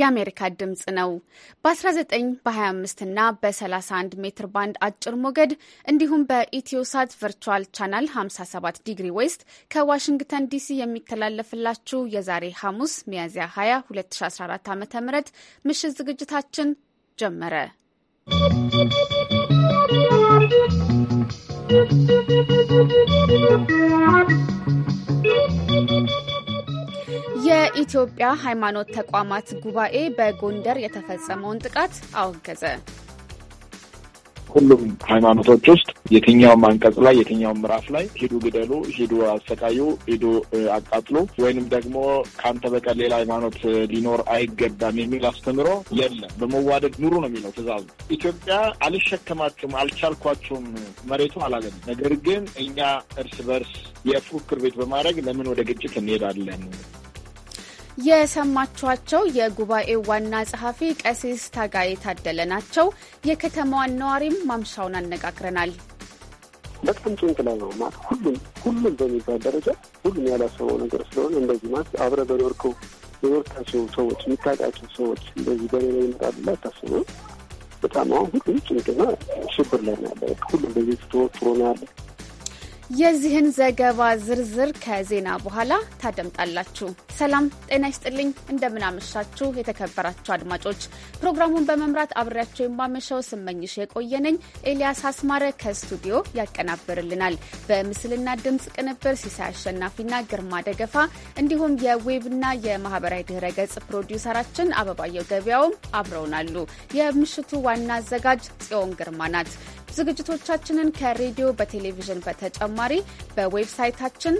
የአሜሪካ ድምፅ ነው። በ19 በ25 እና በ31 ሜትር ባንድ አጭር ሞገድ እንዲሁም በኢትዮሳት ቨርቹዋል ቻናል 57 ዲግሪ ዌስት ከዋሽንግተን ዲሲ የሚተላለፍላችሁ የዛሬ ሐሙስ ሚያዝያ 20 2014 ዓ ም ምሽት ዝግጅታችን ጀመረ። ¶¶ የኢትዮጵያ ሃይማኖት ተቋማት ጉባኤ በጎንደር የተፈጸመውን ጥቃት አወገዘ። ሁሉም ሃይማኖቶች ውስጥ የትኛውም አንቀጽ ላይ የትኛውም ምዕራፍ ላይ ሂዱ ግደሉ፣ ሂዱ አሰቃዩ፣ ሂዱ አቃጥሉ ወይንም ደግሞ ከአንተ በቀር ሌላ ሃይማኖት ሊኖር አይገባም የሚል አስተምሮ የለም። በመዋደድ ኑሩ ነው የሚለው ትዕዛዙ። ኢትዮጵያ አልሸከማችሁም፣ አልቻልኳችሁም መሬቱ አላገኘም። ነገር ግን እኛ እርስ በርስ የፉክክር ቤት በማድረግ ለምን ወደ ግጭት እንሄዳለን? የሰማችኋቸው የጉባኤው ዋና ጸሐፊ ቀሲስ ታጋይ ታደለ ናቸው። የከተማዋን ነዋሪም ማምሻውን አነጋግረናል። በጣም ጭንቅ ላይ ነው ማለት ሁሉም ሁሉም በሚባል ደረጃ ሁሉም ያላሰበው ነገር ስለሆነ እንደዚህ ማለት አብረ በኖርከው የኖርካቸው ሰዎች የሚታቃቸው ሰዎች እንደዚህ በኔ ላይ ይመጣሉ ላይ ታስበ በጣም አሁን ሁሉም ጭንቅና ሽብር ላይ ነው ያለ ሁሉም በዚህ ተወጥሮ ነው ያለ የዚህን ዘገባ ዝርዝር ከዜና በኋላ ታደምጣላችሁ። ሰላም ጤና ይስጥልኝ። እንደምናመሻችሁ የተከበራችሁ አድማጮች፣ ፕሮግራሙን በመምራት አብሬያቸው የማመሻው ስመኝሽ የቆየነኝ። ኤልያስ አስማረ ከስቱዲዮ ያቀናብርልናል። በምስልና ድምፅ ቅንብር ሲሳይ አሸናፊና ግርማ ደገፋ እንዲሁም የዌብና የማህበራዊ ድህረ ገጽ ፕሮዲውሰራችን አበባየው ገበያውም አብረውናሉ። የምሽቱ ዋና አዘጋጅ ጽዮን ግርማ ናት። ዝግጅቶቻችንን ከሬዲዮ በቴሌቪዥን በተጨማ በተጨማሪ በዌብሳይታችን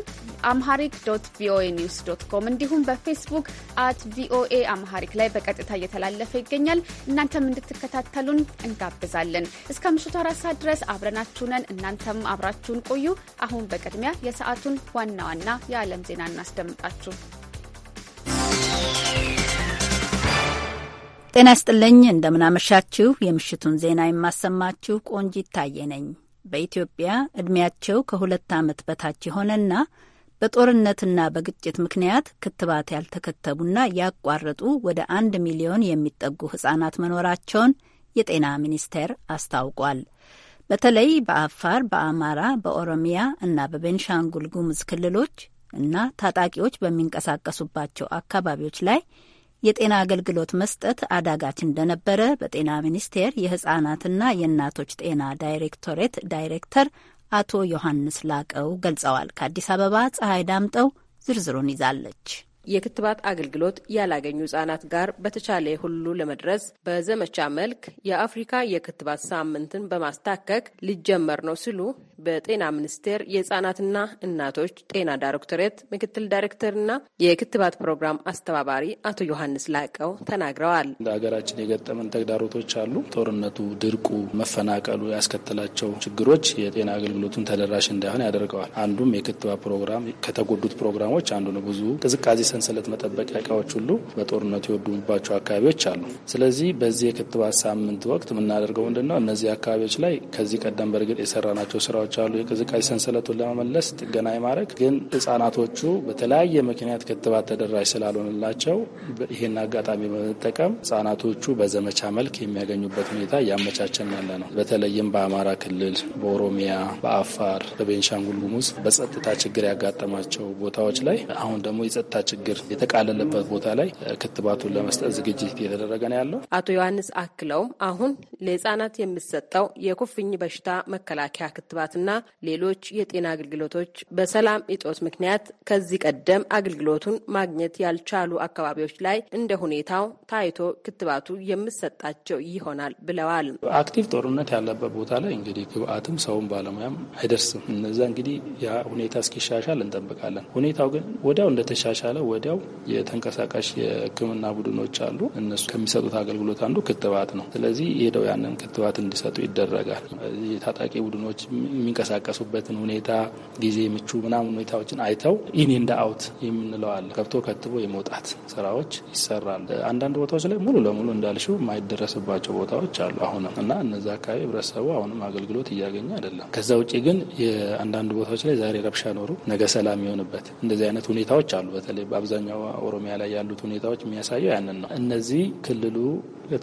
አምሃሪክ ዶት ቪኦኤ ኒውስ ዶት ኮም እንዲሁም በፌስቡክ አት ቪኦኤ አምሃሪክ ላይ በቀጥታ እየተላለፈ ይገኛል። እናንተም እንድትከታተሉን እንጋብዛለን። እስከ ምሽቱ አራት ሰዓት ድረስ አብረናችሁ ነን። እናንተም አብራችሁን ቆዩ። አሁን በቅድሚያ የሰዓቱን ዋና ዋና የዓለም ዜና እናስደምጣችሁ። ጤና ይስጥልኝ። እንደምናመሻችሁ። የምሽቱን ዜና የማሰማችሁ ቆንጂት ታየ ነኝ። በኢትዮጵያ ዕድሜያቸው ከሁለት ዓመት በታች የሆነና በጦርነትና በግጭት ምክንያት ክትባት ያልተከተቡና ያቋረጡ ወደ አንድ ሚሊዮን የሚጠጉ ህጻናት መኖራቸውን የጤና ሚኒስቴር አስታውቋል። በተለይ በአፋር፣ በአማራ፣ በኦሮሚያ እና በቤንሻንጉል ጉሙዝ ክልሎች እና ታጣቂዎች በሚንቀሳቀሱባቸው አካባቢዎች ላይ የጤና አገልግሎት መስጠት አዳጋች እንደነበረ በጤና ሚኒስቴር የህጻናትና የእናቶች ጤና ዳይሬክቶሬት ዳይሬክተር አቶ ዮሐንስ ላቀው ገልጸዋል። ከአዲስ አበባ ፀሐይ ዳምጠው ዝርዝሩን ይዛለች። የክትባት አገልግሎት ያላገኙ ህጻናት ጋር በተቻለ ሁሉ ለመድረስ በዘመቻ መልክ የአፍሪካ የክትባት ሳምንትን በማስታከክ ሊጀመር ነው ሲሉ በጤና ሚኒስቴር የህጻናትና እናቶች ጤና ዳይሬክቶሬት ምክትል ዳይሬክተርና የክትባት ፕሮግራም አስተባባሪ አቶ ዮሐንስ ላቀው ተናግረዋል። እንደ ሀገራችን የገጠመን ተግዳሮቶች አሉ። ጦርነቱ፣ ድርቁ፣ መፈናቀሉ ያስከተላቸው ችግሮች የጤና አገልግሎቱን ተደራሽ እንዳይሆን ያደርገዋል። አንዱም የክትባት ፕሮግራም ከተጎዱት ፕሮግራሞች አንዱ ነው። ብዙ ቅዝቃዜ ሰንሰለት መጠበቂያ እቃዎች ሁሉ በጦርነቱ የወደሙባቸው አካባቢዎች አሉ። ስለዚህ በዚህ የክትባት ሳምንት ወቅት የምናደርገው ምንድን ነው? እነዚህ አካባቢዎች ላይ ከዚህ ቀደም በእርግጥ የሰራናቸው ስራዎች አሉ። የቅዝቃዜ ሰንሰለቱን ለመመለስ ጥገና ማድረግ ግን ህጻናቶቹ በተለያየ ምክንያት ክትባት ተደራሽ ስላልሆንላቸው ይህን አጋጣሚ በመጠቀም ህጻናቶቹ በዘመቻ መልክ የሚያገኙበት ሁኔታ እያመቻቸን ያለ ነው። በተለይም በአማራ ክልል፣ በኦሮሚያ፣ በአፋር፣ በቤንሻንጉል ጉሙዝ በጸጥታ ችግር ያጋጠማቸው ቦታዎች ላይ አሁን ደግሞ የጸጥታ ችግር ችግር የተቃለለበት ቦታ ላይ ክትባቱን ለመስጠት ዝግጅት እየተደረገ ነው ያለው። አቶ ዮሐንስ አክለውም አሁን ለህጻናት የሚሰጠው የኩፍኝ በሽታ መከላከያ ክትባትና ሌሎች የጤና አገልግሎቶች በሰላም እጦት ምክንያት ከዚህ ቀደም አገልግሎቱን ማግኘት ያልቻሉ አካባቢዎች ላይ እንደ ሁኔታው ታይቶ ክትባቱ የሚሰጣቸው ይሆናል ብለዋል። አክቲቭ ጦርነት ያለበት ቦታ ላይ እንግዲህ ግብአትም ሰውም ባለሙያም አይደርስም። እነዛ እንግዲህ ያ ሁኔታ እስኪሻሻል እንጠብቃለን። ሁኔታው ግን ወዲያው እንደተሻሻለ ወዲያው የተንቀሳቃሽ የሕክምና ቡድኖች አሉ። እነሱ ከሚሰጡት አገልግሎት አንዱ ክትባት ነው። ስለዚህ ሄደው ያንን ክትባት እንዲሰጡ ይደረጋል። የታጣቂ ቡድኖች የሚንቀሳቀሱበትን ሁኔታ ጊዜ ምቹ ምናምን ሁኔታዎችን አይተው ኢን እንደ አውት የምንለዋል ከብቶ ከትቦ የመውጣት ስራዎች ይሰራል። አንዳንድ ቦታዎች ላይ ሙሉ ለሙሉ እንዳልሽው የማይደረስባቸው ቦታዎች አሉ አሁንም እና እነዚ አካባቢ ህብረተሰቡ አሁንም አገልግሎት እያገኘ አይደለም። ከዛ ውጭ ግን የአንዳንድ ቦታዎች ላይ ዛሬ ረብሻ ኖሩ ነገ ሰላም የሆንበት እንደዚህ አይነት ሁኔታዎች አሉ በተለይ በአብዛኛው ኦሮሚያ ላይ ያሉት ሁኔታዎች የሚያሳየው ያንን ነው። እነዚህ ክልሉ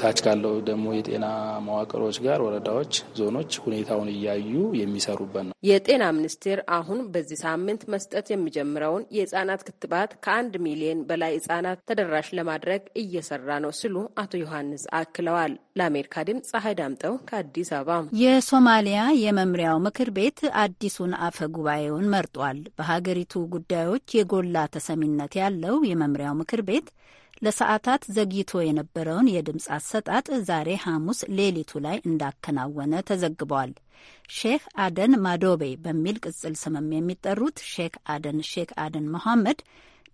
ታች ካለው ደግሞ የጤና መዋቅሮች ጋር ወረዳዎች፣ ዞኖች ሁኔታውን እያዩ የሚሰሩበት ነው። የጤና ሚኒስቴር አሁን በዚህ ሳምንት መስጠት የሚጀምረውን የህጻናት ክትባት ከአንድ ሚሊዮን በላይ ህጻናት ተደራሽ ለማድረግ እየሰራ ነው ሲሉ አቶ ዮሐንስ አክለዋል። ለአሜሪካ ድምፅ ፀሐይ ዳምጠው ከአዲስ አበባ። የሶማሊያ የመምሪያው ምክር ቤት አዲሱን አፈ ጉባኤውን መርጧል። በሀገሪቱ ጉዳዮች የጎላ ተሰሚነት ያለው የመምሪያው ምክር ቤት ለሰዓታት ዘግይቶ የነበረውን የድምፅ አሰጣጥ ዛሬ ሐሙስ ሌሊቱ ላይ እንዳከናወነ ተዘግቧል። ሼክ አደን ማዶቤ በሚል ቅጽል ስምም የሚጠሩት ሼክ አደን ሼክ አደን መሐመድ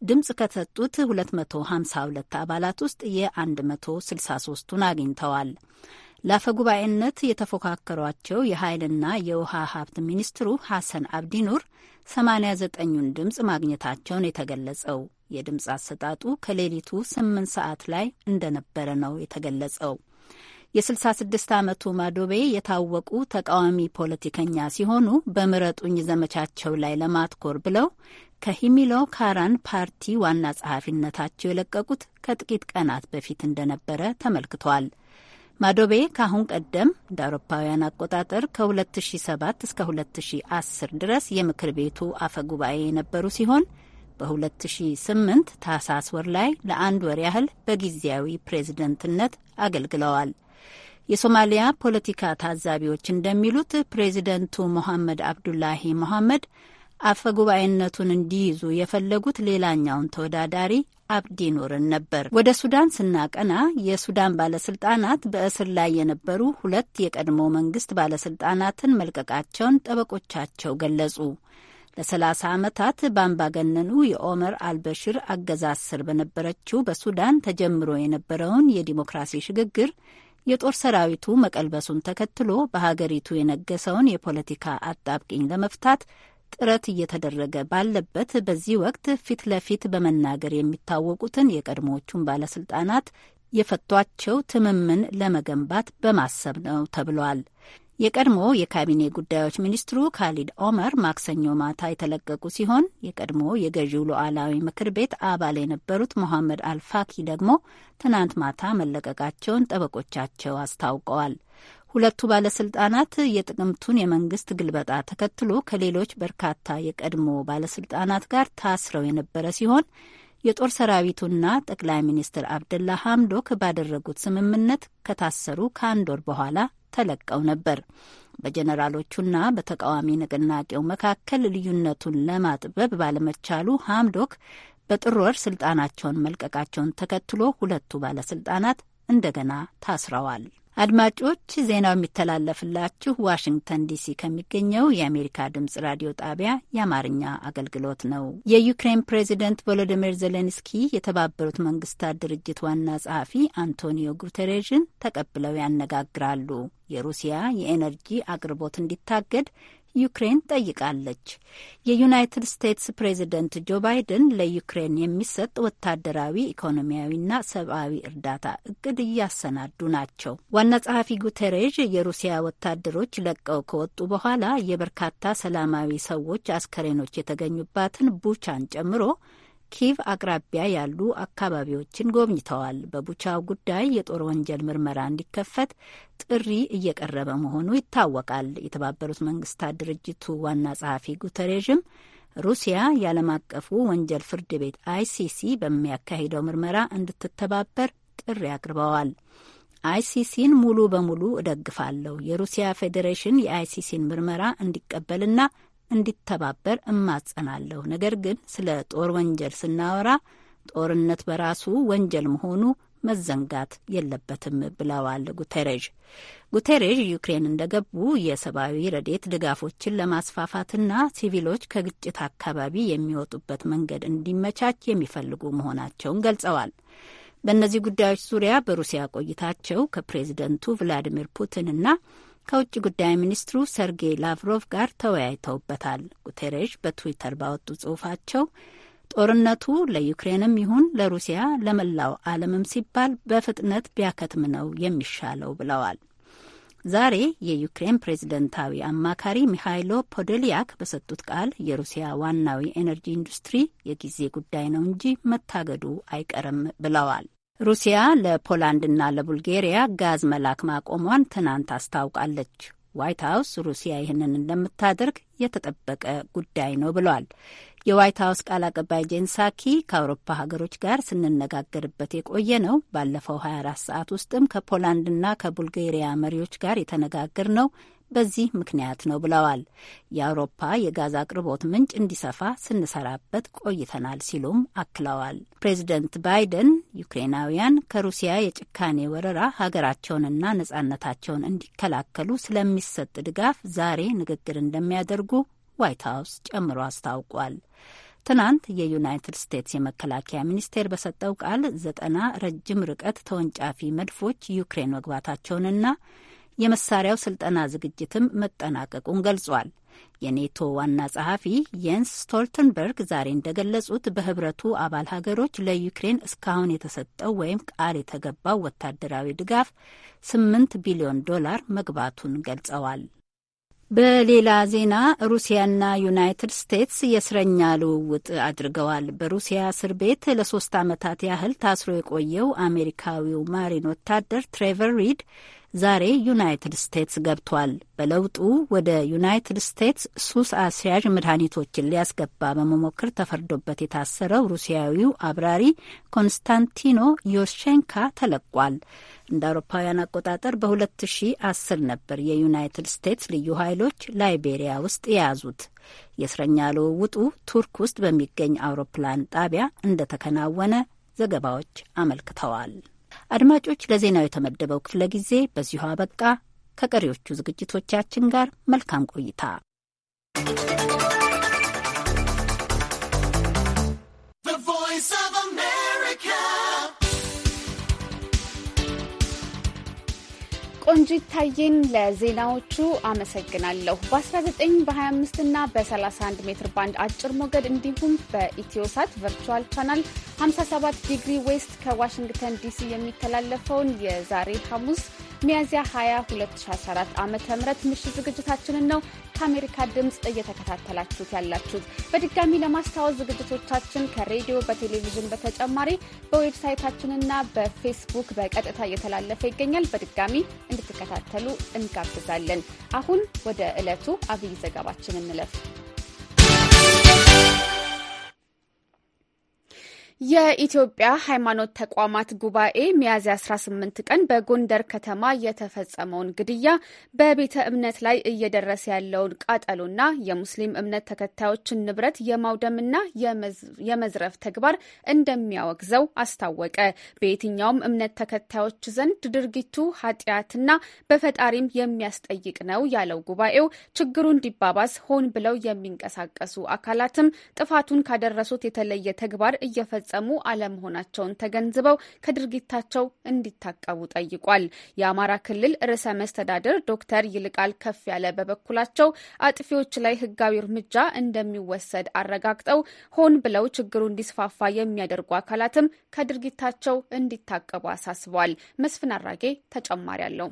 ድምፅ ከሰጡት 252 አባላት ውስጥ የ163ቱን አግኝተዋል። ለአፈ ጉባኤነት የተፎካከሯቸው የኃይልና የውሃ ሀብት ሚኒስትሩ ሐሰን አብዲኑር 89ኙን ድምፅ ማግኘታቸውን የተገለጸው የድምፅ አሰጣጡ ከሌሊቱ ስምንት ሰዓት ላይ እንደነበረ ነው የተገለጸው። የ66 ዓመቱ ማዶቤ የታወቁ ተቃዋሚ ፖለቲከኛ ሲሆኑ በምረጡኝ ዘመቻቸው ላይ ለማትኮር ብለው ከሂሚሎ ካራን ፓርቲ ዋና ጸሐፊነታቸው የለቀቁት ከጥቂት ቀናት በፊት እንደነበረ ተመልክቷል። ማዶቤ ከአሁን ቀደም እንደ አውሮፓውያን አቆጣጠር ከ2007 እስከ 2010 ድረስ የምክር ቤቱ አፈ ጉባኤ የነበሩ ሲሆን በ2008 ታህሳስ ወር ላይ ለአንድ ወር ያህል በጊዜያዊ ፕሬዝደንትነት አገልግለዋል። የሶማሊያ ፖለቲካ ታዛቢዎች እንደሚሉት ፕሬዚደንቱ ሞሐመድ አብዱላሂ ሞሐመድ አፈ ጉባኤነቱን እንዲይዙ የፈለጉት ሌላኛውን ተወዳዳሪ አብዲ ኑርን ነበር። ወደ ሱዳን ስናቀና የሱዳን ባለስልጣናት በእስር ላይ የነበሩ ሁለት የቀድሞ መንግስት ባለስልጣናትን መልቀቃቸውን ጠበቆቻቸው ገለጹ። ለ30 ዓመታት በአምባገነኑ የኦመር አልበሽር አገዛዝ ስር በነበረችው በሱዳን ተጀምሮ የነበረውን የዲሞክራሲ ሽግግር የጦር ሰራዊቱ መቀልበሱን ተከትሎ በሀገሪቱ የነገሰውን የፖለቲካ አጣብቂኝ ለመፍታት ጥረት እየተደረገ ባለበት በዚህ ወቅት ፊት ለፊት በመናገር የሚታወቁትን የቀድሞዎቹን ባለስልጣናት የፈቷቸው ትምምን ለመገንባት በማሰብ ነው ተብሏል። የቀድሞ የካቢኔ ጉዳዮች ሚኒስትሩ ካሊድ ኦመር ማክሰኞ ማታ የተለቀቁ ሲሆን የቀድሞ የገዢው ሉዓላዊ ምክር ቤት አባል የነበሩት ሞሐመድ አልፋኪ ደግሞ ትናንት ማታ መለቀቃቸውን ጠበቆቻቸው አስታውቀዋል። ሁለቱ ባለስልጣናት የጥቅምቱን የመንግስት ግልበጣ ተከትሎ ከሌሎች በርካታ የቀድሞ ባለስልጣናት ጋር ታስረው የነበረ ሲሆን የጦር ሰራዊቱና ጠቅላይ ሚኒስትር አብደላ ሐምዶክ ባደረጉት ስምምነት ከታሰሩ ከአንድ ወር በኋላ ተለቀው ነበር። በጀነራሎቹና በተቃዋሚ ንቅናቄው መካከል ልዩነቱን ለማጥበብ ባለመቻሉ ሀምዶክ በጥር ወር ስልጣናቸውን መልቀቃቸውን ተከትሎ ሁለቱ ባለስልጣናት እንደገና ታስረዋል። አድማጮች ዜናው የሚተላለፍላችሁ ዋሽንግተን ዲሲ ከሚገኘው የአሜሪካ ድምጽ ራዲዮ ጣቢያ የአማርኛ አገልግሎት ነው። የዩክሬን ፕሬዚደንት ቮሎዲሚር ዜሌንስኪ የተባበሩት መንግስታት ድርጅት ዋና ጸሐፊ አንቶኒዮ ጉተሬዥን ተቀብለው ያነጋግራሉ። የሩሲያ የኤነርጂ አቅርቦት እንዲታገድ ዩክሬን ጠይቃለች። የዩናይትድ ስቴትስ ፕሬዚደንት ጆ ባይደን ለዩክሬን የሚሰጥ ወታደራዊ ኢኮኖሚያዊና ሰብአዊ እርዳታ እቅድ እያሰናዱ ናቸው። ዋና ጸሐፊ ጉተሬዥ የሩሲያ ወታደሮች ለቀው ከወጡ በኋላ የበርካታ ሰላማዊ ሰዎች አስከሬኖች የተገኙባትን ቡቻን ጨምሮ ኪቭ አቅራቢያ ያሉ አካባቢዎችን ጎብኝተዋል። በቡቻው ጉዳይ የጦር ወንጀል ምርመራ እንዲከፈት ጥሪ እየቀረበ መሆኑ ይታወቃል። የተባበሩት መንግስታት ድርጅቱ ዋና ጸሐፊ ጉተሬዥም ሩሲያ የዓለም አቀፉ ወንጀል ፍርድ ቤት አይሲሲ በሚያካሂደው ምርመራ እንድትተባበር ጥሪ አቅርበዋል። አይሲሲን ሙሉ በሙሉ እደግፋለሁ። የሩሲያ ፌዴሬሽን የአይሲሲን ምርመራ እንዲቀበልና እንዲተባበር እማጸናለሁ። ነገር ግን ስለ ጦር ወንጀል ስናወራ ጦርነት በራሱ ወንጀል መሆኑ መዘንጋት የለበትም ብለዋል ጉተሬዥ ጉቴሬዥ ዩክሬን እንደገቡ የሰብአዊ ረዴት ድጋፎችን ለማስፋፋትና ሲቪሎች ከግጭት አካባቢ የሚወጡበት መንገድ እንዲመቻች የሚፈልጉ መሆናቸውን ገልጸዋል። በእነዚህ ጉዳዮች ዙሪያ በሩሲያ ቆይታቸው ከፕሬዝደንቱ ቭላዲሚር ፑቲንና ከውጭ ጉዳይ ሚኒስትሩ ሰርጌይ ላቭሮቭ ጋር ተወያይተውበታል። ጉቴሬሽ በትዊተር ባወጡ ጽሁፋቸው ጦርነቱ ለዩክሬንም ይሁን ለሩሲያ ለመላው ዓለምም ሲባል በፍጥነት ቢያከትም ነው የሚሻለው ብለዋል። ዛሬ የዩክሬን ፕሬዝደንታዊ አማካሪ ሚሃይሎ ፖዶሊያክ በሰጡት ቃል የሩሲያ ዋናው የኤነርጂ ኢንዱስትሪ የጊዜ ጉዳይ ነው እንጂ መታገዱ አይቀርም ብለዋል። ሩሲያ ለፖላንድና ለቡልጌሪያ ጋዝ መላክ ማቆሟን ትናንት አስታውቃለች። ዋይት ሀውስ ሩሲያ ይህንን እንደምታደርግ የተጠበቀ ጉዳይ ነው ብሏል። የዋይት ሀውስ ቃል አቀባይ ጄንሳኪ ከአውሮፓ ሀገሮች ጋር ስንነጋገርበት የቆየ ነው። ባለፈው 24 ሰዓት ውስጥም ከፖላንድና ከቡልጌሪያ መሪዎች ጋር የተነጋገር ነው በዚህ ምክንያት ነው ብለዋል። የአውሮፓ የጋዝ አቅርቦት ምንጭ እንዲሰፋ ስንሰራበት ቆይተናል ሲሉም አክለዋል። ፕሬዚደንት ባይደን ዩክሬናውያን ከሩሲያ የጭካኔ ወረራ ሀገራቸውንና ነጻነታቸውን እንዲከላከሉ ስለሚሰጥ ድጋፍ ዛሬ ንግግር እንደሚያደርጉ ዋይት ሀውስ ጨምሮ አስታውቋል። ትናንት የዩናይትድ ስቴትስ የመከላከያ ሚኒስቴር በሰጠው ቃል ዘጠና ረጅም ርቀት ተወንጫፊ መድፎች ዩክሬን መግባታቸውንና የመሳሪያው ስልጠና ዝግጅትም መጠናቀቁን ገልጿል። የኔቶ ዋና ጸሐፊ የንስ ስቶልተንበርግ ዛሬ እንደገለጹት በህብረቱ አባል ሀገሮች ለዩክሬን እስካሁን የተሰጠው ወይም ቃል የተገባው ወታደራዊ ድጋፍ ስምንት ቢሊዮን ዶላር መግባቱን ገልጸዋል። በሌላ ዜና ሩሲያና ዩናይትድ ስቴትስ የእስረኛ ልውውጥ አድርገዋል። በሩሲያ እስር ቤት ለሶስት ዓመታት ያህል ታስሮ የቆየው አሜሪካዊው ማሪን ወታደር ትሬቨር ሪድ ዛሬ ዩናይትድ ስቴትስ ገብቷል። በለውጡ ወደ ዩናይትድ ስቴትስ ሱስ አስያዥ መድኃኒቶችን ሊያስገባ በመሞከር ተፈርዶበት የታሰረው ሩሲያዊው አብራሪ ኮንስታንቲኖ ዮሽቼንካ ተለቋል። እንደ አውሮፓውያን አቆጣጠር በ2010 ነበር የዩናይትድ ስቴትስ ልዩ ኃይሎች ላይቤሪያ ውስጥ የያዙት። የእስረኛ ልውውጡ ቱርክ ውስጥ በሚገኝ አውሮፕላን ጣቢያ እንደተከናወነ ዘገባዎች አመልክተዋል። አድማጮች፣ ለዜናው የተመደበው ክፍለ ጊዜ በዚሁ አበቃ። ከቀሪዎቹ ዝግጅቶቻችን ጋር መልካም ቆይታ ቆንጂ ይታየን ለዜናዎቹ አመሰግናለሁ። በ19 በ25 እና በ31 ሜትር ባንድ አጭር ሞገድ እንዲሁም በኢትዮሳት ቨርቹዋል ቻናል 57 ዲግሪ ዌስት ከዋሽንግተን ዲሲ የሚተላለፈውን የዛሬ ሐሙስ ሚያዝያ 20 2014 ዓ ም ምሽት ዝግጅታችንን ነው ከአሜሪካ ድምፅ እየተከታተላችሁት ያላችሁት። በድጋሚ ለማስታወስ ዝግጅቶቻችን ከሬዲዮ በቴሌቪዥን በተጨማሪ በዌብሳይታችንና በፌስቡክ በቀጥታ እየተላለፈ ይገኛል። በድጋሚ እንድትከታተሉ እንጋብዛለን። አሁን ወደ ዕለቱ አብይ ዘገባችን እንለፍ። የኢትዮጵያ ሃይማኖት ተቋማት ጉባኤ ሚያዝያ 18 ቀን በጎንደር ከተማ የተፈጸመውን ግድያ፣ በቤተ እምነት ላይ እየደረሰ ያለውን ቃጠሎና የሙስሊም እምነት ተከታዮችን ንብረት የማውደምና የመዝረፍ ተግባር እንደሚያወግዘው አስታወቀ። በየትኛውም እምነት ተከታዮች ዘንድ ድርጊቱ ኃጢአትና በፈጣሪም የሚያስጠይቅ ነው ያለው ጉባኤው ችግሩ እንዲባባስ ሆን ብለው የሚንቀሳቀሱ አካላትም ጥፋቱን ካደረሱት የተለየ ተግባር እየፈጸ የፈጸሙ አለመሆናቸውን ተገንዝበው ከድርጊታቸው እንዲታቀቡ ጠይቋል። የአማራ ክልል ርዕሰ መስተዳድር ዶክተር ይልቃል ከፍ ያለ በበኩላቸው አጥፊዎች ላይ ህጋዊ እርምጃ እንደሚወሰድ አረጋግጠው ሆን ብለው ችግሩ እንዲስፋፋ የሚያደርጉ አካላትም ከድርጊታቸው እንዲታቀቡ አሳስበዋል። መስፍን አራጌ ተጨማሪ አለው።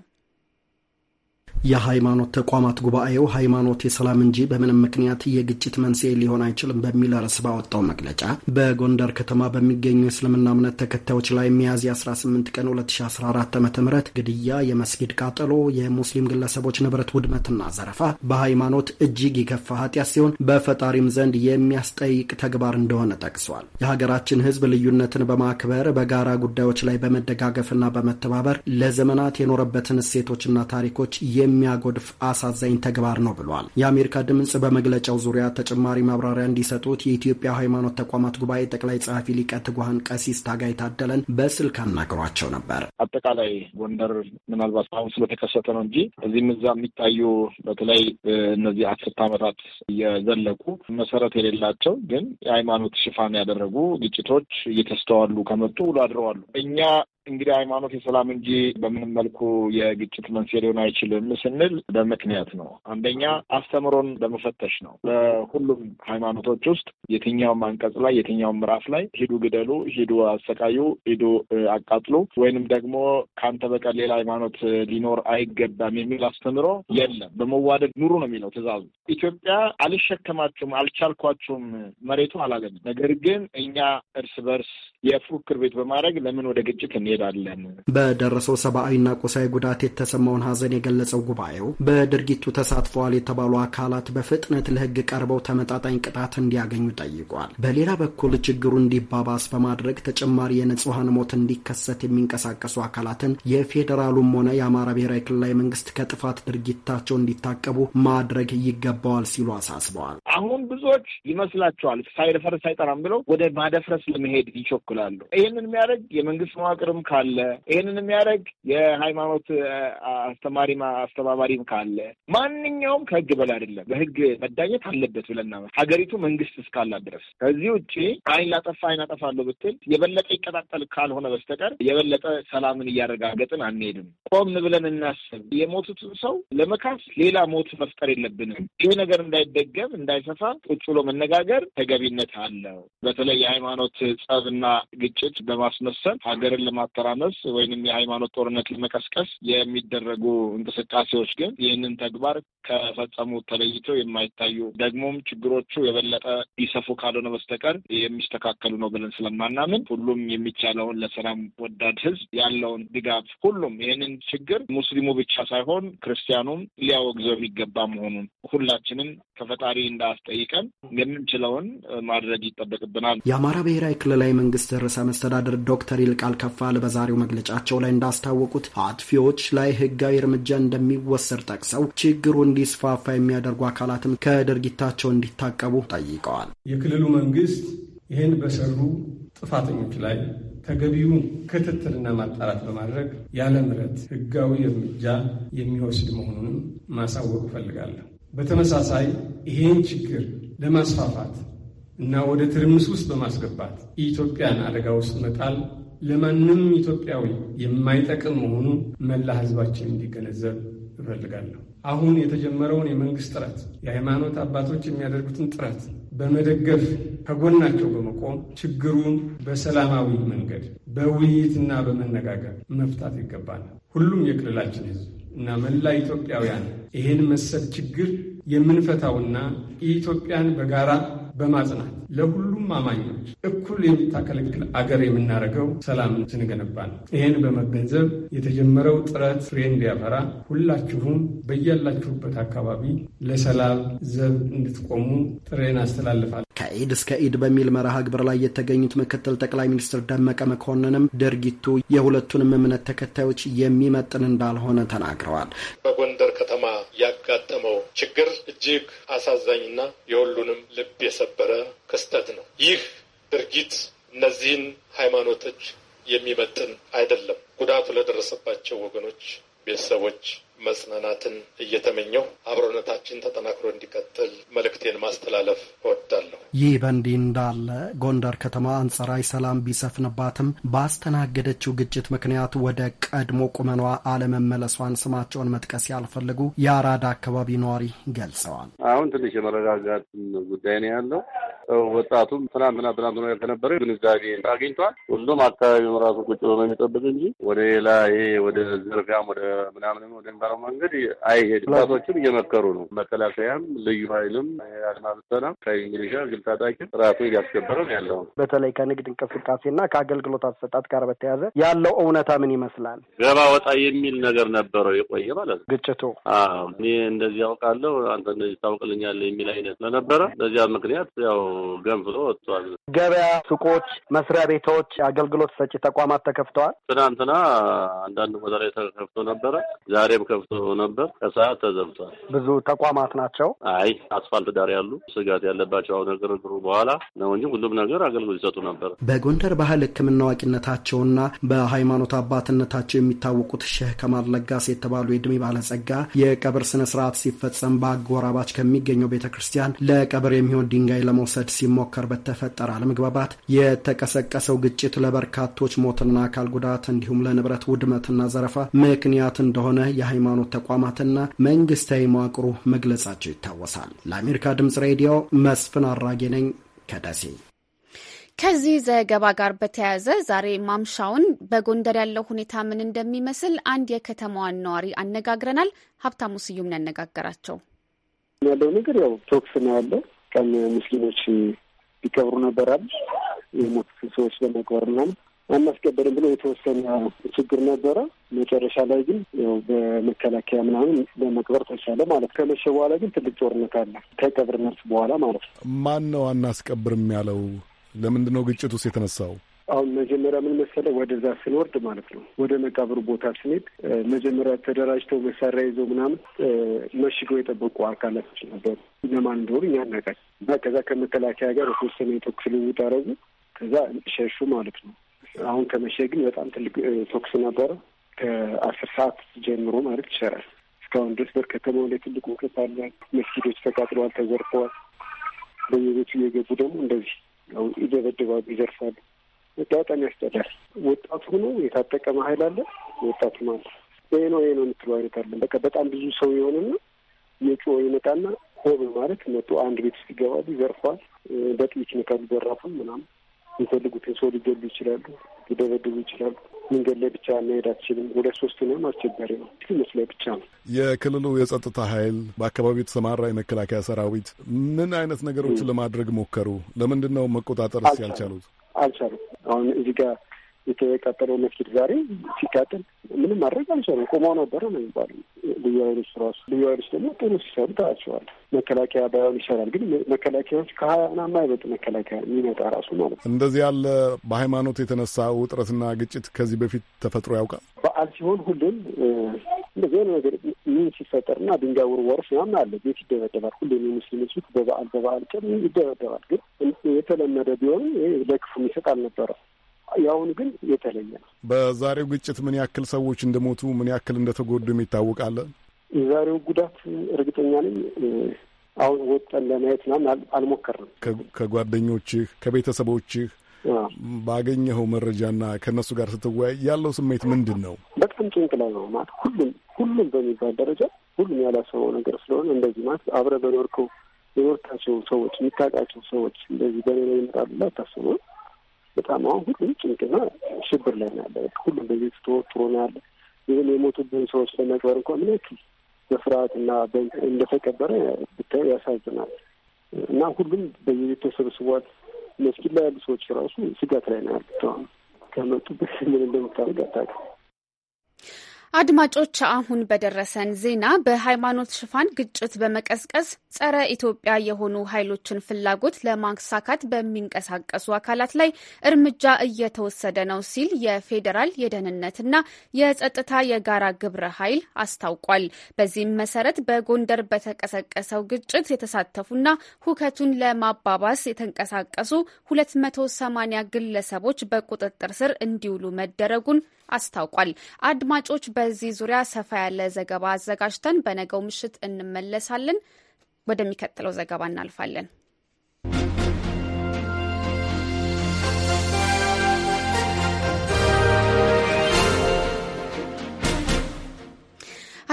የሃይማኖት ተቋማት ጉባኤው ሃይማኖት የሰላም እንጂ በምንም ምክንያት የግጭት መንስኤ ሊሆን አይችልም በሚል ርዕስ ባወጣው መግለጫ በጎንደር ከተማ በሚገኙ የእስልምና እምነት ተከታዮች ላይ ሚያዝያ 18 ቀን 2014 ዓ ም ግድያ፣ የመስጊድ ቃጠሎ፣ የሙስሊም ግለሰቦች ንብረት ውድመትና ዘረፋ በሃይማኖት እጅግ የከፋ ኃጢአት ሲሆን በፈጣሪም ዘንድ የሚያስጠይቅ ተግባር እንደሆነ ጠቅሷል። የሀገራችን ህዝብ ልዩነትን በማክበር በጋራ ጉዳዮች ላይ በመደጋገፍና በመተባበር ለዘመናት የኖረበትን እሴቶችና ታሪኮች የሚያጎድፍ አሳዛኝ ተግባር ነው ብሏል። የአሜሪካ ድምፅ በመግለጫው ዙሪያ ተጨማሪ ማብራሪያ እንዲሰጡት የኢትዮጵያ ሃይማኖት ተቋማት ጉባኤ ጠቅላይ ጸሐፊ ሊቀ ትጉሃን ቀሲስ ታጋይ ታደለን በስልክ አናግሯቸው ነበር። አጠቃላይ ጎንደር ምናልባት አሁን ስለተከሰተ ነው እንጂ እዚህም እዛ የሚታዩ በተለይ እነዚህ አስርት ዓመታት እየዘለቁ መሰረት የሌላቸው ግን የሃይማኖት ሽፋን ያደረጉ ግጭቶች እየተስተዋሉ ከመጡ ውሎ አድረዋሉ። እኛ እንግዲህ ሃይማኖት የሰላም እንጂ በምንም መልኩ የግጭት መንስኤ ሊሆን አይችልም ስንል በምክንያት ነው። አንደኛ አስተምሮን በመፈተሽ ነው። በሁሉም ሃይማኖቶች ውስጥ የትኛውም አንቀጽ ላይ የትኛውም ምዕራፍ ላይ ሂዱ ግደሉ፣ ሂዱ አሰቃዩ፣ ሂዱ አቃጥሉ ወይንም ደግሞ ከአንተ በቀር ሌላ ሃይማኖት ሊኖር አይገባም የሚል አስተምሮ የለም። በመዋደድ ኑሩ ነው የሚለው ትዕዛዙ። ኢትዮጵያ አልሸከማችሁም፣ አልቻልኳችሁም፣ መሬቱ አላገኝም። ነገር ግን እኛ እርስ በርስ የፉክክር ቤት በማድረግ ለምን ወደ ግጭት እንሄዳለን? በደረሰው ሰብአዊና ቁሳዊ ጉዳት የተሰማውን ሀዘን የገለጸው ጉባኤው በድርጊቱ ተሳትፈዋል የተባሉ አካላት በፍጥነት ለህግ ቀርበው ተመጣጣኝ ቅጣት እንዲያገኙ ጠይቋል። በሌላ በኩል ችግሩ እንዲባባስ በማድረግ ተጨማሪ የንጹሐን ሞት እንዲከሰት የሚንቀሳቀሱ አካላትን የፌዴራሉም ሆነ የአማራ ብሔራዊ ክልላዊ መንግስት ከጥፋት ድርጊታቸው እንዲታቀቡ ማድረግ ይገባዋል ሲሉ አሳስበዋል። አሁን ብዙዎች ይመስላቸዋል ሳይደፈርስ አይጠራም ብለው ወደ ማደፍረስ ለመሄድ ይቸኩላሉ። ይህንን የሚያደርግ የመንግስት መዋቅርም ካለ ይህንን የሚያደርግ የሃይማኖት አስተማሪ አስተባባሪም ካለ ማንኛውም ከህግ በላይ አይደለም፣ በህግ መዳኘት አለበት ብለና ሀገሪቱ መንግስት እስካላት ድረስ ከዚህ ውጭ አይን ላጠፋ አይን አጠፋለሁ ብትል የበለጠ ይቀጣጠል ካልሆነ በስተቀር የበለጠ ሰላምን እያረጋገጥን አንሄድም። ቆም ብለን እናስብ። የሞቱትን ሰው ለመካስ ሌላ ሞት መፍጠር የለብንም። ይህ ነገር እንዳይደገም እንዳ ሰፋ ቁጭ ብሎ መነጋገር ተገቢነት አለው። በተለይ የሃይማኖት ጸብና ግጭት በማስመሰል ሀገርን ለማተራመስ ወይንም የሃይማኖት ጦርነት ለመቀስቀስ የሚደረጉ እንቅስቃሴዎች ግን ይህንን ተግባር ከፈጸሙ ተለይተው የማይታዩ ደግሞም ችግሮቹ የበለጠ ይሰፉ ካልሆነ በስተቀር የሚስተካከሉ ነው ብለን ስለማናምን ሁሉም የሚቻለውን ለሰላም ወዳድ ህዝብ ያለውን ድጋፍ ሁሉም ይህንን ችግር ሙስሊሙ ብቻ ሳይሆን ክርስቲያኑም ሊያወግዘው የሚገባ መሆኑን ሁላችንም ከፈጣሪ እንዳ አስጠይቀን የምንችለውን ማድረግ ይጠበቅብናል። የአማራ ብሔራዊ ክልላዊ መንግስት ርዕሰ መስተዳድር ዶክተር ይልቃል ከፋለ በዛሬው መግለጫቸው ላይ እንዳስታወቁት አጥፊዎች ላይ ህጋዊ እርምጃ እንደሚወሰድ ጠቅሰው ችግሩ እንዲስፋፋ የሚያደርጉ አካላትም ከድርጊታቸው እንዲታቀቡ ጠይቀዋል። የክልሉ መንግስት ይህን በሰሩ ጥፋተኞች ላይ ተገቢው ክትትልና ማጣራት በማድረግ ያለ ምረት ህጋዊ እርምጃ የሚወስድ መሆኑንም ማሳወቅ እፈልጋለሁ። በተመሳሳይ ይሄን ችግር ለማስፋፋት እና ወደ ትርምስ ውስጥ በማስገባት የኢትዮጵያን አደጋ ውስጥ መጣል ለማንም ኢትዮጵያዊ የማይጠቅም መሆኑ መላ ሕዝባችን እንዲገነዘብ እፈልጋለሁ። አሁን የተጀመረውን የመንግስት ጥረት፣ የሃይማኖት አባቶች የሚያደርጉትን ጥረት በመደገፍ ከጎናቸው በመቆም ችግሩን በሰላማዊ መንገድ በውይይትና በመነጋገር መፍታት ይገባናል። ሁሉም የክልላችን ሕዝብ እና መላ ኢትዮጵያውያን ይህን መሰል ችግር የምንፈታውና የኢትዮጵያን በጋራ በማጽናት ለሁሉም አማኞች እኩል የምታከለክል አገር የምናደርገው ሰላም ስንገነባ ነው። ይህን በመገንዘብ የተጀመረው ጥረት ፍሬ እንዲያፈራ ሁላችሁም በያላችሁበት አካባቢ ለሰላም ዘብ እንድትቆሙ ጥሬን አስተላልፋል። ከኢድ እስከ ኢድ በሚል መርሃ ግብር ላይ የተገኙት ምክትል ጠቅላይ ሚኒስትር ደመቀ መኮንንም ድርጊቱ የሁለቱንም እምነት ተከታዮች የሚመጥን እንዳልሆነ ተናግረዋል። በጎንደር ከተማ ያጋጠመው ችግር እጅግ አሳዛኝና የሁሉንም ልብ የሰበረ ክስተት ነው። ይህ ድርጊት እነዚህን ሃይማኖቶች የሚመጥን አይደለም። ጉዳቱ ለደረሰባቸው ወገኖች፣ ቤተሰቦች መጽናናትን እየተመኘው አብሮነታችን ተጠናክሮ እንዲቀጥል መልእክቴን ማስተላለፍ እወዳለሁ። ይህ በእንዲህ እንዳለ ጎንደር ከተማ አንጸራዊ ሰላም ቢሰፍንባትም ባስተናገደችው ግጭት ምክንያት ወደ ቀድሞ ቁመኗ አለመመለሷን ስማቸውን መጥቀስ ያልፈልጉ የአራዳ አካባቢ ነዋሪ ገልጸዋል። አሁን ትንሽ የመረጋጋት ጉዳይ ነው ያለው ወጣቱም ትናንትና ትናንት ነው ከነበረ ግንዛቤ አግኝቷል። ሁሉም አካባቢውን ራሱ ቁጭ ብሎ የሚጠብቅ እንጂ ወደ ሌላ ይሄ ወደ ዝርጋም ወደ ምናምንም ወደ ንባለው መንገድ አይሄድም። ወጣቶችም እየመከሩ ነው። መከላከያም ልዩ ኃይልም አድማ ብተናም ከሚሊሻ ግል ታጣቂ ራሱን እያስከበረ ነው ያለው። በተለይ ከንግድ እንቅስቃሴና ከአገልግሎት አሰጣት ጋር በተያያዘ ያለው እውነታ ምን ይመስላል? ገባ ወጣ የሚል ነገር ነበረው የቆየ ማለት ነው ግጭቱ። እኔ እንደዚህ ያውቃለሁ አንተ እንደዚህ ታውቅልኛለህ የሚል አይነት ስለነበረ በዚያ ምክንያት ያው ገንፍሎ ወጥቷል። ገበያ፣ ሱቆች፣ መስሪያ ቤቶች፣ አገልግሎት ሰጪ ተቋማት ተከፍተዋል። ትናንትና አንዳንድ ቦታ ላይ ተከፍቶ ነበረ። ዛሬም ከፍቶ ነበር። ከሰዓት ተዘግቷል። ብዙ ተቋማት ናቸው። አይ አስፋልት ዳር ያሉ ስጋት ያለባቸው አሁን ከግርግሩ በኋላ ነው እንጂ ሁሉም ነገር አገልግሎት ይሰጡ ነበር። በጎንደር ባህል ሕክምና አዋቂነታቸውና በሃይማኖት አባትነታቸው የሚታወቁት ሼህ ከማል ለጋስ የተባሉ የእድሜ ባለጸጋ የቀብር ስነስርዓት ሲፈጸም በአጎራባች ከሚገኘው ቤተ ክርስቲያን ለቀብር የሚሆን ድንጋይ ለመውሰድ ለማስወገድ ሲሞከር በተፈጠረ አለመግባባት የተቀሰቀሰው ግጭት ለበርካቶች ሞትና አካል ጉዳት እንዲሁም ለንብረት ውድመትና ዘረፋ ምክንያት እንደሆነ የሃይማኖት ተቋማትና መንግስታዊ መዋቅሩ መግለጻቸው ይታወሳል። ለአሜሪካ ድምጽ ሬዲዮ መስፍን አራጌ ነኝ ከደሴ። ከዚህ ዘገባ ጋር በተያያዘ ዛሬ ማምሻውን በጎንደር ያለው ሁኔታ ምን እንደሚመስል አንድ የከተማዋን ነዋሪ አነጋግረናል። ሀብታሙ ስዩም ያነጋገራቸው ያለው ነገር ያው ቶክስ ነው ያለው ቀን ሙስሊሞች ሊቀብሩ ነበራል። የሞቱ ሰዎች ለመቅበር ምናምን አናስቀበልም ብሎ የተወሰነ ችግር ነበረ። መጨረሻ ላይ ግን ያው በመከላከያ ምናምን ለመቅበር ተቻለ ማለት ነው። ከመሸ በኋላ ግን ትልቅ ጦርነት አለ፣ ከቀብር መልስ በኋላ ማለት ነው። ማን ነው አናስቀብርም ያለው? ለምንድን ነው ግጭት ውስጥ የተነሳው? አሁን መጀመሪያ ምን መሰለ ወደዛ ስንወርድ ማለት ነው ወደ መቃብሩ ቦታ ስንሄድ መጀመሪያ ተደራጅተው መሳሪያ ይዘው ምናምን መሽገው የጠበቁ አካላቶች ነበሩ። ለማን እንደሆኑ እኛ አናውቃለን። እና ከዛ ከመከላከያ ጋር የተወሰነ የተኩስ ልውውጥ አደረጉ። ከዛ ሸሹ ማለት ነው። አሁን ከመሸ ግን በጣም ትልቅ ተኩስ ነበረ። ከአስር ሰዓት ጀምሮ ማለት ይቻላል እስካሁን ድረስ በከተማው ላይ ትልቅ ውቀት አለ። መስጊዶች ተቃጥለዋል፣ ተዘርፈዋል። በየቤቱ እየገቡ ደግሞ እንደዚህ ይደበድባሉ፣ ይዘርፋሉ። በጣም ያስጠላል። ወጣቱ ሆኖ የታጠቀ መሀል አለ፣ ወጣቱ ማለት ይሄ ነው ይሄ ነው የምትለው አይነት አለን። በቃ በጣም ብዙ ሰው የሆነና የጮ ይመጣና ሆብ ማለት መጡ አንድ ቤት ውስጥ ይገባሉ፣ ይዘርፏል፣ በጥይት ይነካሉ፣ በራፉን ምናምን የሚፈልጉትን ሰው ሊገሉ ይችላሉ፣ ሊደበድቡ ይችላሉ። መንገድ ላይ ብቻ መሄድ አትችልም። ሁለት ሶስት ነም አስቸጋሪ ነው። ክልሎች ላይ ብቻ ነው። የክልሉ የጸጥታ ኃይል በአካባቢው የተሰማራ የመከላከያ ሰራዊት ምን አይነት ነገሮችን ለማድረግ ሞከሩ? ለምንድን ነው መቆጣጠር ያልቻሉት? አልቻሉም። አሁን እዚህ ጋር የተቃጠለው መስጊድ ዛሬ ሲቃጠል ምንም ማድረግ አልቻለም። ቆመው ነበረ ነው የሚባለው። ልዩ ኃይሎች ራሱ ልዩ ኃይሎች ደግሞ ጥሩ ሲሰሩ ታያቸዋል። መከላከያ ባይሆን ይሰራል። ግን መከላከያዎች ከሀያና የማይበጥ መከላከያ የሚመጣ ራሱ ማለት ነው። እንደዚህ ያለ በሃይማኖት የተነሳ ውጥረትና ግጭት ከዚህ በፊት ተፈጥሮ ያውቃል። በዓል ሲሆን ሁሉም እንደዚህ ሆነ ነገር ምን ሲፈጠርና ድንጋይ ውርወርስ ምናምን አለ። ቤት ይደበደባል። ሁሌም የሙስሊሞች ቤት በበዓል በበዓል ቀን ይደበደባል። ግን የተለመደ ቢሆንም ለክፉ የሚሰጥ አልነበረም። የአሁኑ ግን የተለየ ነው። በዛሬው ግጭት ምን ያክል ሰዎች እንደሞቱ ምን ያክል እንደተጎዱም ይታወቃል። የዛሬው ጉዳት እርግጠኛ ነኝ አሁን ወጠን ለማየት ምናምን አልሞከርንም። ከጓደኞችህ ከቤተሰቦችህ ባገኘኸው መረጃና ከእነሱ ጋር ስትወያይ ያለው ስሜት ምንድን ነው? በጣም ጭንቅ ላይ ነው ማለት ሁሉም ሁሉም በሚባል ደረጃ ሁሉም ያላሰበው ነገር ስለሆነ እንደዚህ ማለት አብረ በኖርከው የኖርካቸው ሰዎች የሚታውቃቸው ሰዎች እንደዚህ በኔ ላይ ይመጣሉ አታስበው በጣም አሁን ሁሉም ጭንቅና ሽብር ላይ ያለ። ሁሉም በቤት ያለ። ይህን የሞቱብን ሰዎች ለመቅበር እንኳ ምን ያክል በፍርሃትና እንደተቀበረ ብታዩ ያሳዝናል። እና ሁሉም በየቤት ተሰብስቧል። መስጊድ ላይ ያሉ ሰዎች ራሱ ስጋት ላይ ነው ያሉት። ከመጡበት ምን እንደምታደርግ አታውቅም። አድማጮች አሁን በደረሰን ዜና በሃይማኖት ሽፋን ግጭት በመቀስቀስ ጸረ ኢትዮጵያ የሆኑ ኃይሎችን ፍላጎት ለማሳካት በሚንቀሳቀሱ አካላት ላይ እርምጃ እየተወሰደ ነው ሲል የፌዴራል የደህንነትና የጸጥታ የጋራ ግብረ ኃይል አስታውቋል። በዚህም መሰረት በጎንደር በተቀሰቀሰው ግጭት የተሳተፉና ሁከቱን ለማባባስ የተንቀሳቀሱ 280 ግለሰቦች በቁጥጥር ስር እንዲውሉ መደረጉን አስታውቋል። አድማጮች፣ በዚህ ዙሪያ ሰፋ ያለ ዘገባ አዘጋጅተን በነገው ምሽት እንመለሳለን። ወደሚቀጥለው ዘገባ እናልፋለን።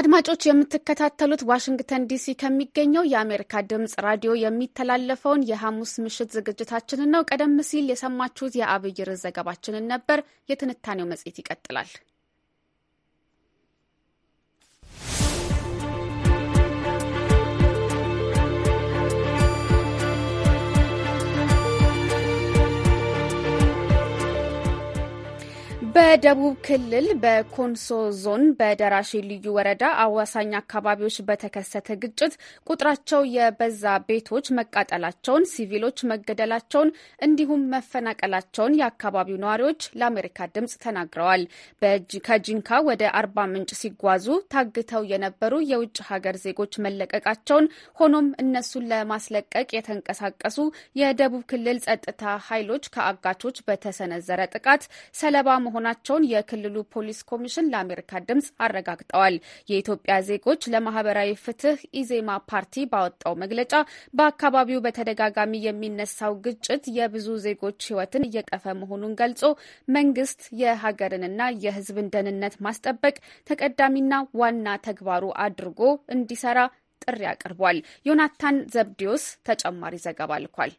አድማጮች የምትከታተሉት ዋሽንግተን ዲሲ ከሚገኘው የአሜሪካ ድምጽ ራዲዮ የሚተላለፈውን የሐሙስ ምሽት ዝግጅታችንን ነው። ቀደም ሲል የሰማችሁት የአብይር ዘገባችንን ነበር። የትንታኔው መጽሔት ይቀጥላል። በደቡብ ክልል በኮንሶ ዞን በደራሼ ልዩ ወረዳ አዋሳኝ አካባቢዎች በተከሰተ ግጭት ቁጥራቸው የበዛ ቤቶች መቃጠላቸውን፣ ሲቪሎች መገደላቸውን እንዲሁም መፈናቀላቸውን የአካባቢው ነዋሪዎች ለአሜሪካ ድምጽ ተናግረዋል። ከጂንካ ወደ አርባ ምንጭ ሲጓዙ ታግተው የነበሩ የውጭ ሀገር ዜጎች መለቀቃቸውን፣ ሆኖም እነሱን ለማስለቀቅ የተንቀሳቀሱ የደቡብ ክልል ጸጥታ ኃይሎች ከአጋቾች በተሰነዘረ ጥቃት ሰለባ መሆ መሆናቸውን የክልሉ ፖሊስ ኮሚሽን ለአሜሪካ ድምጽ አረጋግጠዋል። የኢትዮጵያ ዜጎች ለማህበራዊ ፍትህ ኢዜማ ፓርቲ ባወጣው መግለጫ በአካባቢው በተደጋጋሚ የሚነሳው ግጭት የብዙ ዜጎች ህይወትን እየቀፈ መሆኑን ገልጾ መንግስት የሀገርንና የህዝብን ደህንነት ማስጠበቅ ተቀዳሚና ዋና ተግባሩ አድርጎ እንዲሰራ ጥሪ አቅርቧል። ዮናታን ዘብዲዮስ ተጨማሪ ዘገባ ልኳል።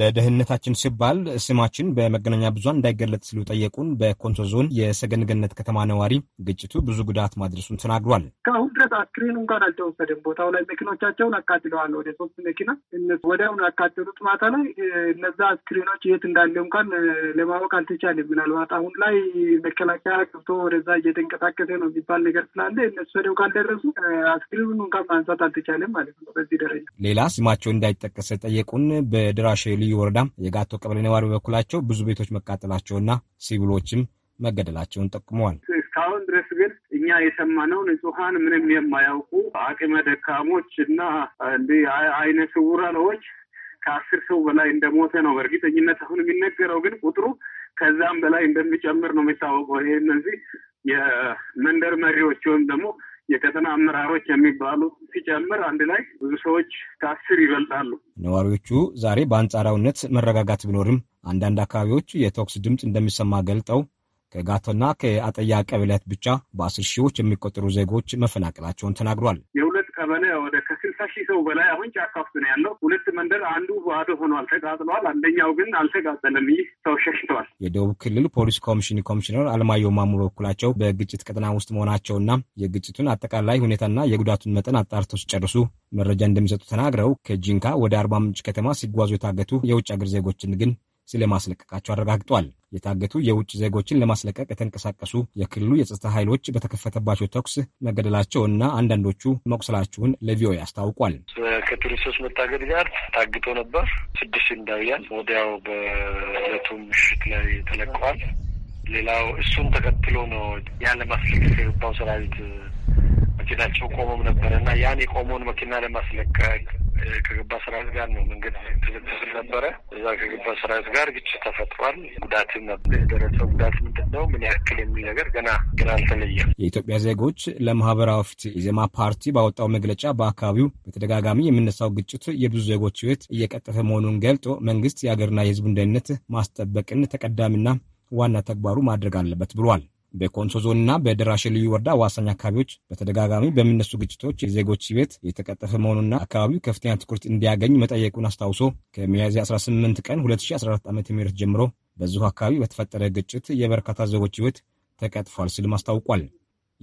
ለደህንነታችን ሲባል ስማችን በመገናኛ ብዙሃን እንዳይገለጥ ሲሉ ጠየቁን። በኮንሶ ዞን የሰገን ገነት ከተማ ነዋሪ ግጭቱ ብዙ ጉዳት ማድረሱን ተናግሯል። ከአሁን ድረስ አስክሬን እንኳን አልተወሰደም። ቦታው ላይ መኪኖቻቸውን አቃጥለዋል። ወደ ሶስት መኪና እነሱ ወዲያውኑ ያቃጠሉት ማታ ላይ እነዛ አስክሬኖች የት እንዳለ እንኳን ለማወቅ አልተቻለም። ምናልባት አሁን ላይ መከላከያ ገብቶ ወደዛ እየተንቀሳቀሰ ነው የሚባል ነገር ስላለ እነሱ ወደው ካልደረሱ አስክሬኑን እንኳን ማንሳት አልተቻለም ማለት ነው። በዚህ ደረጃ ሌላ ስማቸው እንዳይጠቀሰ ጠየቁን በድራሽ ልዩ ወረዳ የጋቶ ቀበሌ ነዋሪ በበኩላቸው ብዙ ቤቶች መቃጠላቸውና ሲቪሎችም መገደላቸውን ጠቁመዋል። እስካሁን ድረስ ግን እኛ የሰማነው ንጹሐን ምንም የማያውቁ አቅመ ደካሞች እና እንዲህ አይነ ስውራኖች ከአስር ሰው በላይ እንደሞተ ነው በእርግጠኝነት አሁን የሚነገረው። ግን ቁጥሩ ከዛም በላይ እንደሚጨምር ነው የሚታወቀው። ይህ እነዚህ የመንደር መሪዎች ወይም ደግሞ የከተማ አመራሮች የሚባሉት ሲጨምር አንድ ላይ ብዙ ሰዎች ከአስር ይበልጣሉ። ነዋሪዎቹ ዛሬ በአንጻራዊነት መረጋጋት ቢኖርም አንዳንድ አካባቢዎች የተኩስ ድምፅ እንደሚሰማ ገልጠው ከጋቶና ከአጠያ ቀበሌያት ብቻ በአስር ሺዎች የሚቆጠሩ ዜጎች መፈናቀላቸውን ተናግሯል። ቀበሌ ወደ ከስልሳ ሺህ ሰው በላይ አሁን ጫካ ውስጥ ነው ያለው። ሁለት መንደር አንዱ ባዶ ሆኖ ተቃጥሏል። አንደኛው ግን አልተቃጠለም። ይህ ሰው ሸሽተዋል። የደቡብ ክልል ፖሊስ ኮሚሽን ኮሚሽነር አለማየሁ ማሙ በኩላቸው በግጭት ቀጠና ውስጥ መሆናቸውና የግጭቱን አጠቃላይ ሁኔታና የጉዳቱን መጠን አጣርተው ሲጨርሱ መረጃ እንደሚሰጡ ተናግረው ከጂንካ ወደ አርባ ምንጭ ከተማ ሲጓዙ የታገቱ የውጭ አገር ዜጎችን ግን ስለማስለቀቃቸው አረጋግጧል። የታገቱ የውጭ ዜጎችን ለማስለቀቅ የተንቀሳቀሱ የክልሉ የጸጥታ ኃይሎች በተከፈተባቸው ተኩስ መገደላቸው እና አንዳንዶቹ መቁሰላቸውን ለቪኦኤ አስታውቋል። ከቱሪስቶች መታገድ ጋር ታግቶ ነበር ስድስት እንዳውያል ወዲያው በእለቱ ምሽት ላይ ተለቀዋል። ሌላው እሱን ተከትሎ ነው ያን ለማስለቀቅ የገባው ሰራዊት መኪናቸው ቆሞም ነበረ እና ያን የቆመውን መኪና ለማስለቀቅ ከገባ ሰራዊት ጋር ነው መንገድ ትልትል ነበረ። እዛ ከገባ ሰራዊት ጋር ግጭት ተፈጥሯል። ጉዳትም የደረሰው ጉዳት ምንድን ነው ምን ያክል የሚል ነገር ገና ገና አልተለየም። የኢትዮጵያ ዜጎች ለማህበራዊ ፍትህ ኢዜማ ፓርቲ ባወጣው መግለጫ በአካባቢው በተደጋጋሚ የምነሳው ግጭት የብዙ ዜጎች ህይወት እየቀጠፈ መሆኑን ገልጦ መንግስት የሀገርና የህዝቡን ደህንነት ማስጠበቅን ተቀዳሚና ዋና ተግባሩ ማድረግ አለበት ብሏል። በኮንሶ ዞንና በደራሼ ልዩ ወረዳ ዋሳኝ አካባቢዎች በተደጋጋሚ በሚነሱ ግጭቶች የዜጎች ሕይወት የተቀጠፈ መሆኑና አካባቢው ከፍተኛ ትኩረት እንዲያገኝ መጠየቁን አስታውሶ ከሚያዝያ 18 ቀን 2014 ዓ ም ጀምሮ በዚሁ አካባቢ በተፈጠረ ግጭት የበርካታ ዜጎች ሕይወት ተቀጥፏል ሲልም አስታውቋል።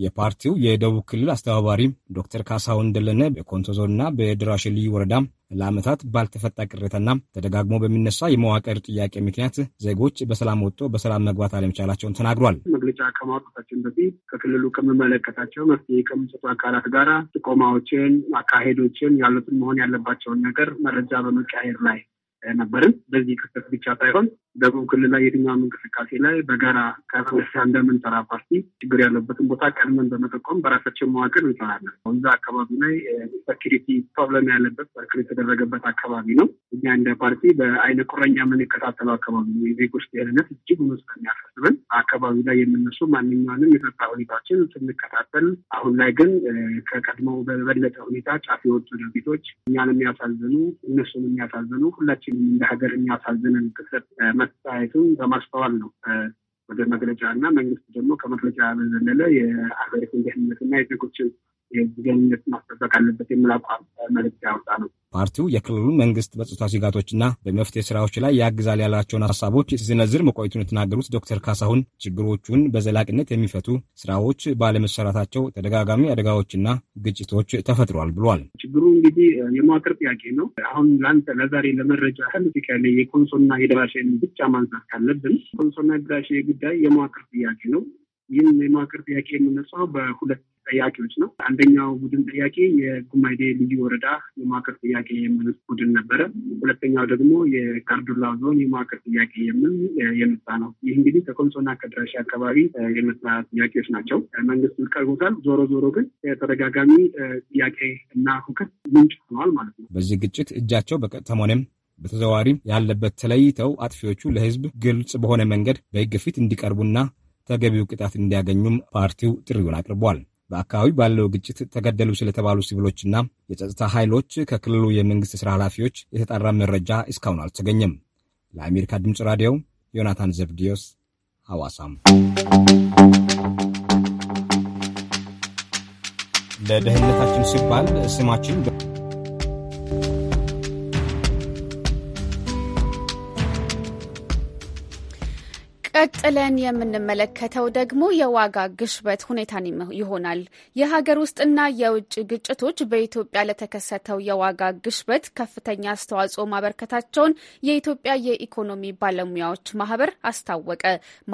የፓርቲው የደቡብ ክልል አስተባባሪ ዶክተር ካሳሁን ደለነ በኮንሶ ዞንና በደራሼ ልዩ ወረዳ ለዓመታት ባልተፈታ ቅሬታና ተደጋግሞ በሚነሳ የመዋቅር ጥያቄ ምክንያት ዜጎች በሰላም ወጥቶ በሰላም መግባት አለመቻላቸውን ተናግሯል። መግለጫ ከማውጣታችን በፊት ከክልሉ ከሚመለከታቸው መፍትሄ ከሚሰጡ አካላት ጋር ጥቆማዎችን፣ አካሄዶችን ያሉትን መሆን ያለባቸውን ነገር መረጃ በመቀያየር ላይ ነበርን። በዚህ ክስተት ብቻ ሳይሆን ደቡብ ክልል ላይ የትኛውም እንቅስቃሴ ላይ በጋራ ከመነሻ እንደምንሰራ ፓርቲ ችግር ያለበትን ቦታ ቀድመን በመጠቆም በራሳችን መዋቅር እንሰራለን። እዛ አካባቢ ላይ ሰኪሪቲ ፕሮብለም ያለበት በርክር የተደረገበት አካባቢ ነው። እኛ እንደ ፓርቲ በአይነ ቁረኛ የምንከታተለው አካባቢ ነው። የዜጎች ደህንነት እጅግ ምስ ስለሚያሳስበን አካባቢ ላይ የምነሱ ማንኛውንም የጸጥታ ሁኔታችን ስንከታተል፣ አሁን ላይ ግን ከቀድሞው በበለጠ ሁኔታ ጫፍ የወጡ ድርጊቶች እኛን የሚያሳዝኑ እነሱን የሚያሳዝኑ ሁላችንም እንደ ሀገር የሚያሳዝንን ክስተት አስተያየቱን በማስተዋል ነው ወደ መግለጫ እና መንግስት ደግሞ ከመግለጫ በዘለለ የሀገሪቱን ደህንነትና የዜጎችን ግንኙነት ማስጠበቅ አለበት የሚል አቋም መልዕክት ያወጣ ነው። ፓርቲው የክልሉ መንግስት በጽታ ስጋቶችና በመፍትሄ ስራዎች ላይ ያግዛል ያላቸውን ሀሳቦች ሲዘነዝር መቆየቱን የተናገሩት ዶክተር ካሳሁን ችግሮቹን በዘላቂነት የሚፈቱ ስራዎች ባለመሰራታቸው ተደጋጋሚ አደጋዎችና ግጭቶች ተፈጥሯል ብሏል። ችግሩ እንግዲህ የመዋቅር ጥያቄ ነው። አሁን ለአንተ ለዛሬ ለመረጃ ያህል ያለ የኮንሶና የደራሼን ብቻ ማንሳት ካለብን ኮንሶና የደራሼ ጉዳይ የመዋቅር ጥያቄ ነው። ይህን የመዋቅር ጥያቄ የምነሳው በሁለት ጠያቂዎች ነው። አንደኛው ቡድን ጥያቄ የጉማይዴ ልዩ ወረዳ የመዋቅር ጥያቄ የምን ቡድን ነበረ። ሁለተኛው ደግሞ የጋርዱላ ዞን የመዋቅር ጥያቄ የሚል የመጣ ነው። ይህ እንግዲህ ከኮንሶና ከድራሻ አካባቢ የመጣ ጥያቄዎች ናቸው። መንግስት ቀርቦታል። ዞሮ ዞሮ ግን ተደጋጋሚ ጥያቄ እና ሁከት ምንጭ ሆኗል ማለት ነው። በዚህ ግጭት እጃቸው በቀጥታም ሆነም በተዘዋዋሪ ያለበት ተለይተው አጥፊዎቹ ለህዝብ ግልጽ በሆነ መንገድ በህግ ፊት እንዲቀርቡና ተገቢው ቅጣት እንዲያገኙም ፓርቲው ጥሪውን አቅርቧል። በአካባቢው ባለው ግጭት ተገደሉ ስለተባሉ ሲቪሎችና የጸጥታ ኃይሎች ከክልሉ የመንግስት ስራ ኃላፊዎች የተጣራ መረጃ እስካሁን አልተገኘም። ለአሜሪካ ድምፅ ራዲዮ ዮናታን ዘብዲዮስ ሐዋሳም። ለደህንነታችን ሲባል ስማችን ቀጥለን የምንመለከተው ደግሞ የዋጋ ግሽበት ሁኔታን ይሆናል። የሀገር ውስጥና የውጭ ግጭቶች በኢትዮጵያ ለተከሰተው የዋጋ ግሽበት ከፍተኛ አስተዋጽኦ ማበርከታቸውን የኢትዮጵያ የኢኮኖሚ ባለሙያዎች ማህበር አስታወቀ።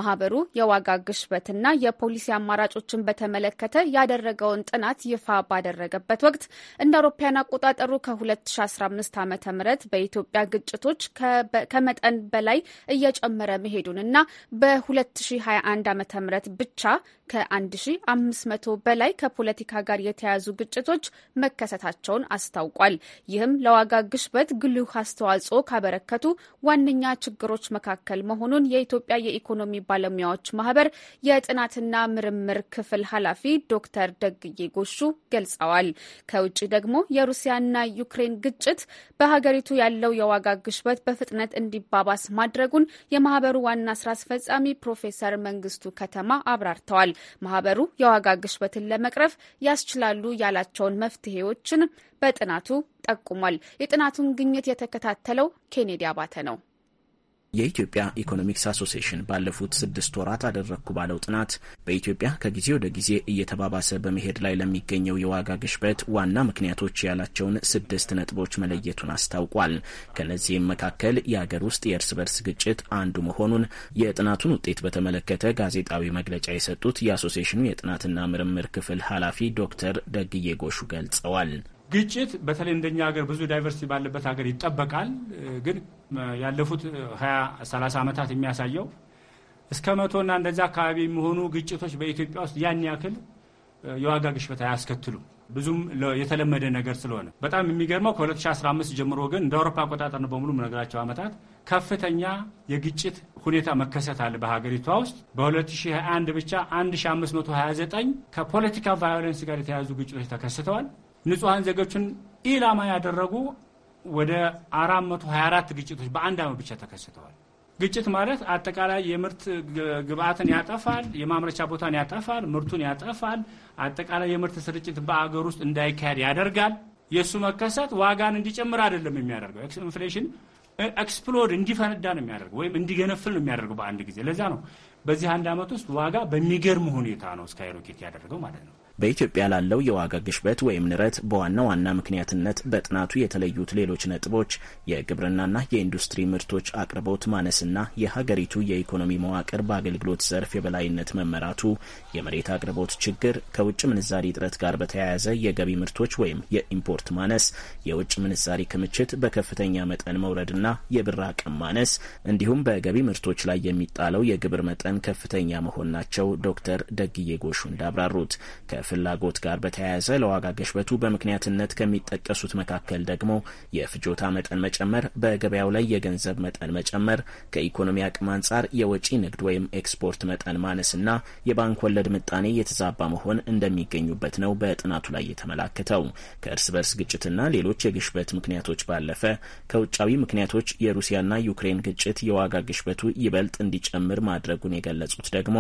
ማህበሩ የዋጋ ግሽበትና የፖሊሲ አማራጮችን በተመለከተ ያደረገውን ጥናት ይፋ ባደረገበት ወቅት እንደ አውሮፓውያን አቆጣጠሩ ከ2015 ዓ ም በኢትዮጵያ ግጭቶች ከመጠን በላይ እየጨመረ መሄዱንና በ2021 ዓ ም ብቻ ከ1500 በላይ ከፖለቲካ ጋር የተያያዙ ግጭቶች መከሰታቸውን አስታውቋል። ይህም ለዋጋ ግሽበት ግሉህ አስተዋጽኦ ካበረከቱ ዋነኛ ችግሮች መካከል መሆኑን የኢትዮጵያ የኢኮኖሚ ባለሙያዎች ማህበር የጥናትና ምርምር ክፍል ኃላፊ ዶክተር ደግዬ ጎሹ ገልጸዋል። ከውጭ ደግሞ የሩሲያና ዩክሬን ግጭት በሀገሪቱ ያለው የዋጋ ግሽበት በፍጥነት እንዲባባስ ማድረጉን የማህበሩ ዋና ስራ አስፈጻሚ ፕሮፌሰር መንግስቱ ከተማ አብራርተዋል። ማህበሩ የዋጋ ግሽበትን ለመቅረፍ ያስችላሉ ያላቸውን መፍትሄዎችን በጥናቱ ጠቁሟል። የጥናቱን ግኝት የተከታተለው ኬኔዲ አባተ ነው። የኢትዮጵያ ኢኮኖሚክስ አሶሲሽን ባለፉት ስድስት ወራት አደረግኩ ባለው ጥናት በኢትዮጵያ ከጊዜ ወደ ጊዜ እየተባባሰ በመሄድ ላይ ለሚገኘው የዋጋ ግሽበት ዋና ምክንያቶች ያላቸውን ስድስት ነጥቦች መለየቱን አስታውቋል። ከነዚህም መካከል የአገር ውስጥ የእርስ በርስ ግጭት አንዱ መሆኑን የጥናቱን ውጤት በተመለከተ ጋዜጣዊ መግለጫ የሰጡት የአሶሲሽኑ የጥናትና ምርምር ክፍል ኃላፊ ዶክተር ደግዬ ጎሹ ገልጸዋል። ግጭት በተለይ እንደኛ ሀገር ብዙ ዳይቨርሲቲ ባለበት ሀገር ይጠበቃል። ግን ያለፉት 20 30 ዓመታት የሚያሳየው እስከ መቶ እና እንደዚ አካባቢ የሚሆኑ ግጭቶች በኢትዮጵያ ውስጥ ያን ያክል የዋጋ ግሽበት አያስከትሉም። ብዙም የተለመደ ነገር ስለሆነ በጣም የሚገርመው ከ2015 ጀምሮ ግን እንደ አውሮፓ አቆጣጠር ነው በሙሉ ነገራቸው ዓመታት ከፍተኛ የግጭት ሁኔታ መከሰት አለ በሀገሪቷ ውስጥ። በ2021 ብቻ 1529 ከፖለቲካ ቫዮለንስ ጋር የተያያዙ ግጭቶች ተከስተዋል። ንጹሐን ዜጎችን ኢላማ ያደረጉ ወደ 424 ግጭቶች በአንድ ዓመት ብቻ ተከስተዋል። ግጭት ማለት አጠቃላይ የምርት ግብአትን ያጠፋል፣ የማምረቻ ቦታን ያጠፋል፣ ምርቱን ያጠፋል፣ አጠቃላይ የምርት ስርጭት በአገር ውስጥ እንዳይካሄድ ያደርጋል። የእሱ መከሰት ዋጋን እንዲጨምር አይደለም የሚያደርገው ኢንፍሌሽን ኤክስፕሎድ እንዲፈነዳ ነው የሚያደርገው ወይም እንዲገነፍል ነው የሚያደርገው በአንድ ጊዜ። ለዛ ነው በዚህ አንድ ዓመት ውስጥ ዋጋ በሚገርም ሁኔታ ነው ስካይ ሮኬት ያደረገው ማለት ነው። በኢትዮጵያ ላለው የዋጋ ግሽበት ወይም ንረት በዋና ዋና ምክንያትነት በጥናቱ የተለዩት ሌሎች ነጥቦች የግብርናና የኢንዱስትሪ ምርቶች አቅርቦት ማነስና የሀገሪቱ የኢኮኖሚ መዋቅር በአገልግሎት ዘርፍ የበላይነት መመራቱ፣ የመሬት አቅርቦት ችግር፣ ከውጭ ምንዛሪ እጥረት ጋር በተያያዘ የገቢ ምርቶች ወይም የኢምፖርት ማነስ፣ የውጭ ምንዛሪ ክምችት በከፍተኛ መጠን መውረድና የብር አቅም ማነስ እንዲሁም በገቢ ምርቶች ላይ የሚጣለው የግብር መጠን ከፍተኛ መሆን ናቸው ዶክተር ደግዬ ጎሹ እንዳብራሩት። ፍላጎት ጋር በተያያዘ ለዋጋ ግሽበቱ በምክንያትነት ከሚጠቀሱት መካከል ደግሞ የፍጆታ መጠን መጨመር፣ በገበያው ላይ የገንዘብ መጠን መጨመር፣ ከኢኮኖሚ አቅም አንጻር የወጪ ንግድ ወይም ኤክስፖርት መጠን ማነስና የባንክ ወለድ ምጣኔ የተዛባ መሆን እንደሚገኙበት ነው በጥናቱ ላይ የተመላከተው። ከእርስ በርስ ግጭትና ሌሎች የግሽበት ምክንያቶች ባለፈ ከውጫዊ ምክንያቶች የሩሲያና ዩክሬን ግጭት የዋጋ ግሽበቱ ይበልጥ እንዲጨምር ማድረጉን የገለጹት ደግሞ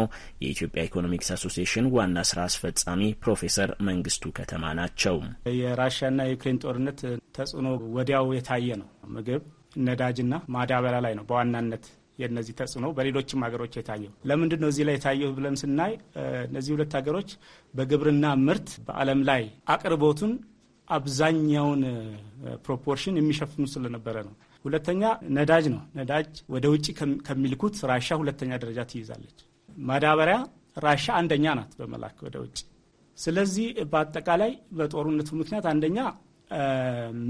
የኢትዮጵያ ኢኮኖሚክስ አሶሲሽን ዋና ስራ አስፈጻሚ ፕሮፌሰር መንግስቱ ከተማ ናቸው። የራሽያና የዩክሬን ጦርነት ተጽዕኖ ወዲያው የታየ ነው። ምግብ፣ ነዳጅና ማዳበሪያ ላይ ነው በዋናነት የነዚህ ተጽዕኖ በሌሎችም ሀገሮች የታየው ለምንድን ነው? እዚህ ላይ የታየው ብለን ስናይ እነዚህ ሁለት ሀገሮች በግብርና ምርት በዓለም ላይ አቅርቦቱን አብዛኛውን ፕሮፖርሽን የሚሸፍኑ ስለነበረ ነው። ሁለተኛ ነዳጅ ነው። ነዳጅ ወደ ውጭ ከሚልኩት ራሻ ሁለተኛ ደረጃ ትይዛለች። ማዳበሪያ ራሻ አንደኛ ናት በመላክ ወደ ውጭ ስለዚህ በአጠቃላይ በጦርነቱ ምክንያት አንደኛ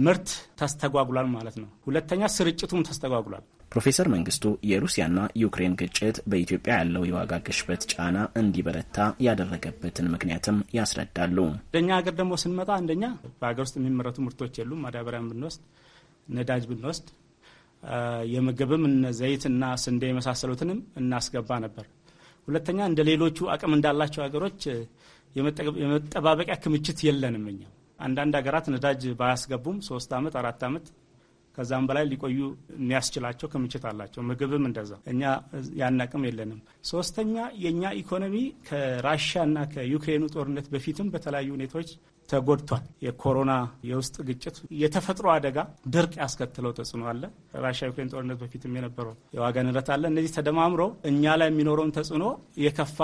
ምርት ተስተጓጉሏል ማለት ነው። ሁለተኛ ስርጭቱም ተስተጓጉሏል። ፕሮፌሰር መንግስቱ የሩሲያና ዩክሬን ግጭት በኢትዮጵያ ያለው የዋጋ ግሽበት ጫና እንዲበረታ ያደረገበትን ምክንያትም ያስረዳሉ። እንደኛ ሀገር ደግሞ ስንመጣ አንደኛ በሀገር ውስጥ የሚመረቱ ምርቶች የሉም። ማዳበሪያን ብንወስድ፣ ነዳጅ ብንወስድ፣ የምግብም ዘይትና ስንዴ የመሳሰሉትንም እናስገባ ነበር። ሁለተኛ እንደ ሌሎቹ አቅም እንዳላቸው ሀገሮች የመጠባበቂያ ክምችት የለንም። እኛ አንዳንድ ሀገራት ነዳጅ ባያስገቡም ሶስት ዓመት አራት ዓመት ከዛም በላይ ሊቆዩ የሚያስችላቸው ክምችት አላቸው። ምግብም እንደዛ። እኛ ያን አቅም የለንም። ሶስተኛ የእኛ ኢኮኖሚ ከራሽያና ከዩክሬኑ ጦርነት በፊትም በተለያዩ ሁኔታዎች ተጎድቷል። የኮሮና የውስጥ ግጭት፣ የተፈጥሮ አደጋ፣ ድርቅ ያስከትለው ተጽዕኖ አለ። ራሽያ ዩክሬን ጦርነት በፊትም የነበረው የዋጋ ንረት አለ። እነዚህ ተደማምሮ እኛ ላይ የሚኖረውን ተጽዕኖ የከፋ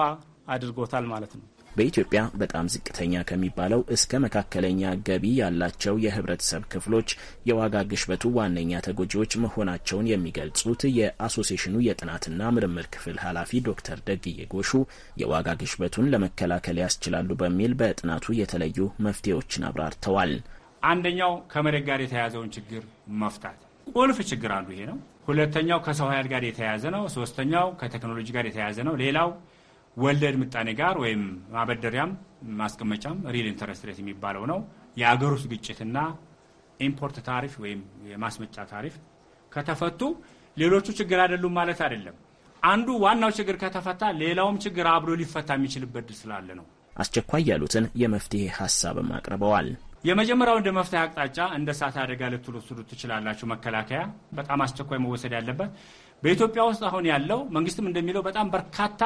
አድርጎታል ማለት ነው። በኢትዮጵያ በጣም ዝቅተኛ ከሚባለው እስከ መካከለኛ ገቢ ያላቸው የህብረተሰብ ክፍሎች የዋጋ ግሽበቱ ዋነኛ ተጎጂዎች መሆናቸውን የሚገልጹት የአሶሴሽኑ የጥናትና ምርምር ክፍል ኃላፊ ዶክተር ደግዬ ጎሹ የዋጋ ግሽበቱን ለመከላከል ያስችላሉ በሚል በጥናቱ የተለዩ መፍትሄዎችን አብራርተዋል። አንደኛው ከመሬት ጋር የተያያዘውን ችግር መፍታት ቁልፍ ችግር አንዱ ይሄ ነው። ሁለተኛው ከሰው ኃይል ጋር የተያያዘ ነው። ሶስተኛው ከቴክኖሎጂ ጋር የተያያዘ ነው። ሌላው ወለድ ምጣኔ ጋር ወይም ማበደሪያም ማስቀመጫም ሪል ኢንተረስት ሬት የሚባለው ነው። የአገር ውስጥ ግጭትና ኢምፖርት ታሪፍ ወይም የማስመጫ ታሪፍ ከተፈቱ ሌሎቹ ችግር አይደሉም ማለት አይደለም። አንዱ ዋናው ችግር ከተፈታ ሌላውም ችግር አብሮ ሊፈታ የሚችልበት ድል ስላለ ነው። አስቸኳይ ያሉትን የመፍትሄ ሀሳብም አቅርበዋል። የመጀመሪያው እንደ መፍትሄ አቅጣጫ እንደ እሳት አደጋ ልትወስዱ ትችላላችሁ። መከላከያ በጣም አስቸኳይ መወሰድ ያለበት በኢትዮጵያ ውስጥ አሁን ያለው መንግስትም እንደሚለው በጣም በርካታ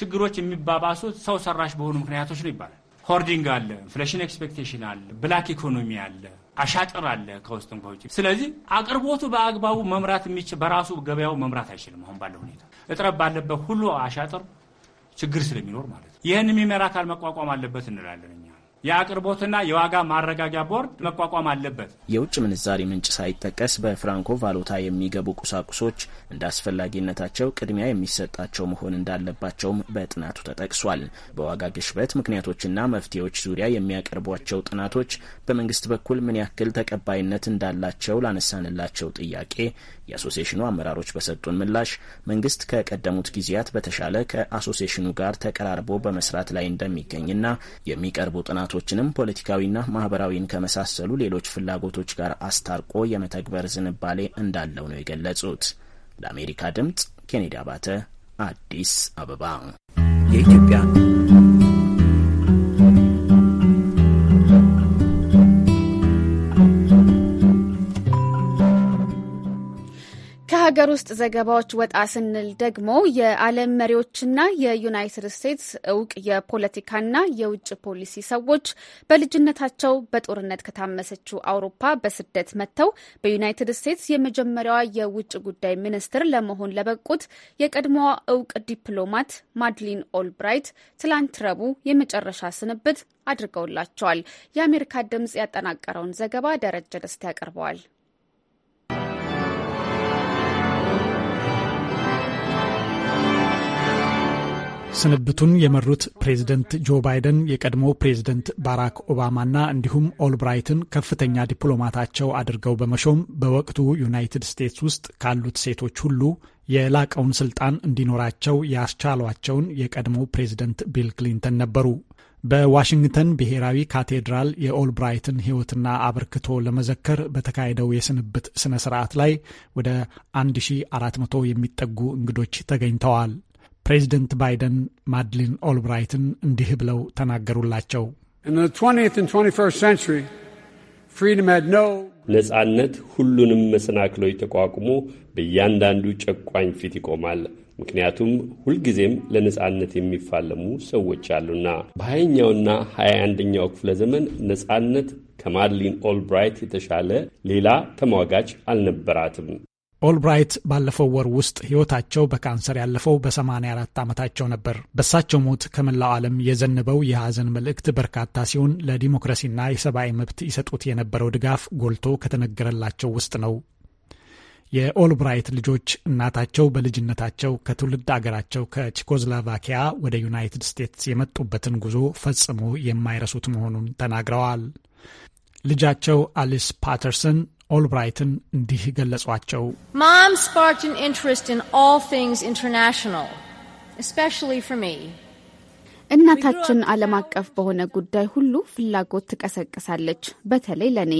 ችግሮች የሚባባሱት ሰው ሰራሽ በሆኑ ምክንያቶች ነው ይባላል። ሆርዲንግ አለ፣ ኢንፍሌሽን ኤክስፔክቴሽን አለ፣ ብላክ ኢኮኖሚ አለ፣ አሻጥር አለ ከውስጥም ከውጭ። ስለዚህ አቅርቦቱ በአግባቡ መምራት የሚችል በራሱ ገበያው መምራት አይችልም። አሁን ባለው ሁኔታ እጥረት ባለበት ሁሉ አሻጥር ችግር ስለሚኖር ማለት ነው። ይህን የሚመራ አካል መቋቋም አለበት እንላለን። የአቅርቦትና የዋጋ ማረጋጊያ ቦርድ መቋቋም አለበት። የውጭ ምንዛሪ ምንጭ ሳይጠቀስ በፍራንኮ ቫሎታ የሚገቡ ቁሳቁሶች እንደ አስፈላጊነታቸው ቅድሚያ የሚሰጣቸው መሆን እንዳለባቸውም በጥናቱ ተጠቅሷል። በዋጋ ግሽበት ምክንያቶችና መፍትሄዎች ዙሪያ የሚያቀርቧቸው ጥናቶች በመንግስት በኩል ምን ያክል ተቀባይነት እንዳላቸው ላነሳንላቸው ጥያቄ የአሶሴሽኑ አመራሮች በሰጡን ምላሽ መንግስት ከቀደሙት ጊዜያት በተሻለ ከአሶሴሽኑ ጋር ተቀራርቦ በመስራት ላይ እንደሚገኝና የሚቀርቡ ጥናቶችንም ፖለቲካዊና ማህበራዊን ከመሳሰሉ ሌሎች ፍላጎቶች ጋር አስታርቆ የመተግበር ዝንባሌ እንዳለው ነው የገለጹት። ለአሜሪካ ድምጽ ኬኔዲ አባተ አዲስ አበባ የኢትዮጵያ ከሀገር ውስጥ ዘገባዎች ወጣ ስንል ደግሞ የዓለም መሪዎችና የዩናይትድ ስቴትስ እውቅ የፖለቲካና የውጭ ፖሊሲ ሰዎች በልጅነታቸው በጦርነት ከታመሰችው አውሮፓ በስደት መጥተው በዩናይትድ ስቴትስ የመጀመሪያዋ የውጭ ጉዳይ ሚኒስትር ለመሆን ለበቁት የቀድሞዋ እውቅ ዲፕሎማት ማድሊን ኦልብራይት ትላንት ረቡዕ የመጨረሻ ስንብት አድርገውላቸዋል። የአሜሪካ ድምጽ ያጠናቀረውን ዘገባ ደረጀ ደስታ ያቀርበዋል። ስንብቱን የመሩት ፕሬዝደንት ጆ ባይደን የቀድሞ ፕሬዝደንት ባራክ ኦባማና እንዲሁም ኦልብራይትን ከፍተኛ ዲፕሎማታቸው አድርገው በመሾም በወቅቱ ዩናይትድ ስቴትስ ውስጥ ካሉት ሴቶች ሁሉ የላቀውን ስልጣን እንዲኖራቸው ያስቻሏቸውን የቀድሞ ፕሬዝደንት ቢል ክሊንተን ነበሩ። በዋሽንግተን ብሔራዊ ካቴድራል የኦልብራይትን ሕይወትና አበርክቶ ለመዘከር በተካሄደው የስንብት ስነ ስርዓት ላይ ወደ 1400 የሚጠጉ እንግዶች ተገኝተዋል። ፕሬዚደንት ባይደን ማድሊን ኦልብራይትን እንዲህ ብለው ተናገሩላቸው። ነጻነት ሁሉንም መሰናክሎች ተቋቁሞ በእያንዳንዱ ጨቋኝ ፊት ይቆማል። ምክንያቱም ሁልጊዜም ለነጻነት የሚፋለሙ ሰዎች አሉና። በሀያኛውና ሀያ አንደኛው ክፍለ ዘመን ነጻነት ከማድሊን ኦልብራይት የተሻለ ሌላ ተሟጋች አልነበራትም። ኦልብራይት ባለፈው ወር ውስጥ ሕይወታቸው በካንሰር ያለፈው በ84 ዓመታቸው ነበር። በሳቸው ሞት ከመላው ዓለም የዘነበው የሐዘን መልእክት በርካታ ሲሆን ለዲሞክራሲና የሰብአዊ መብት ይሰጡት የነበረው ድጋፍ ጎልቶ ከተነገረላቸው ውስጥ ነው። የኦልብራይት ልጆች እናታቸው በልጅነታቸው ከትውልድ አገራቸው ከቼኮዝሎቫኪያ ወደ ዩናይትድ ስቴትስ የመጡበትን ጉዞ ፈጽሞ የማይረሱት መሆኑን ተናግረዋል። ልጃቸው አሊስ ፓተርሰን ኦልብራይትን እንዲህ ገለጿቸው። ማም ሚ እናታችን ዓለም አቀፍ በሆነ ጉዳይ ሁሉ ፍላጎት ትቀሰቅሳለች፣ በተለይ ለእኔ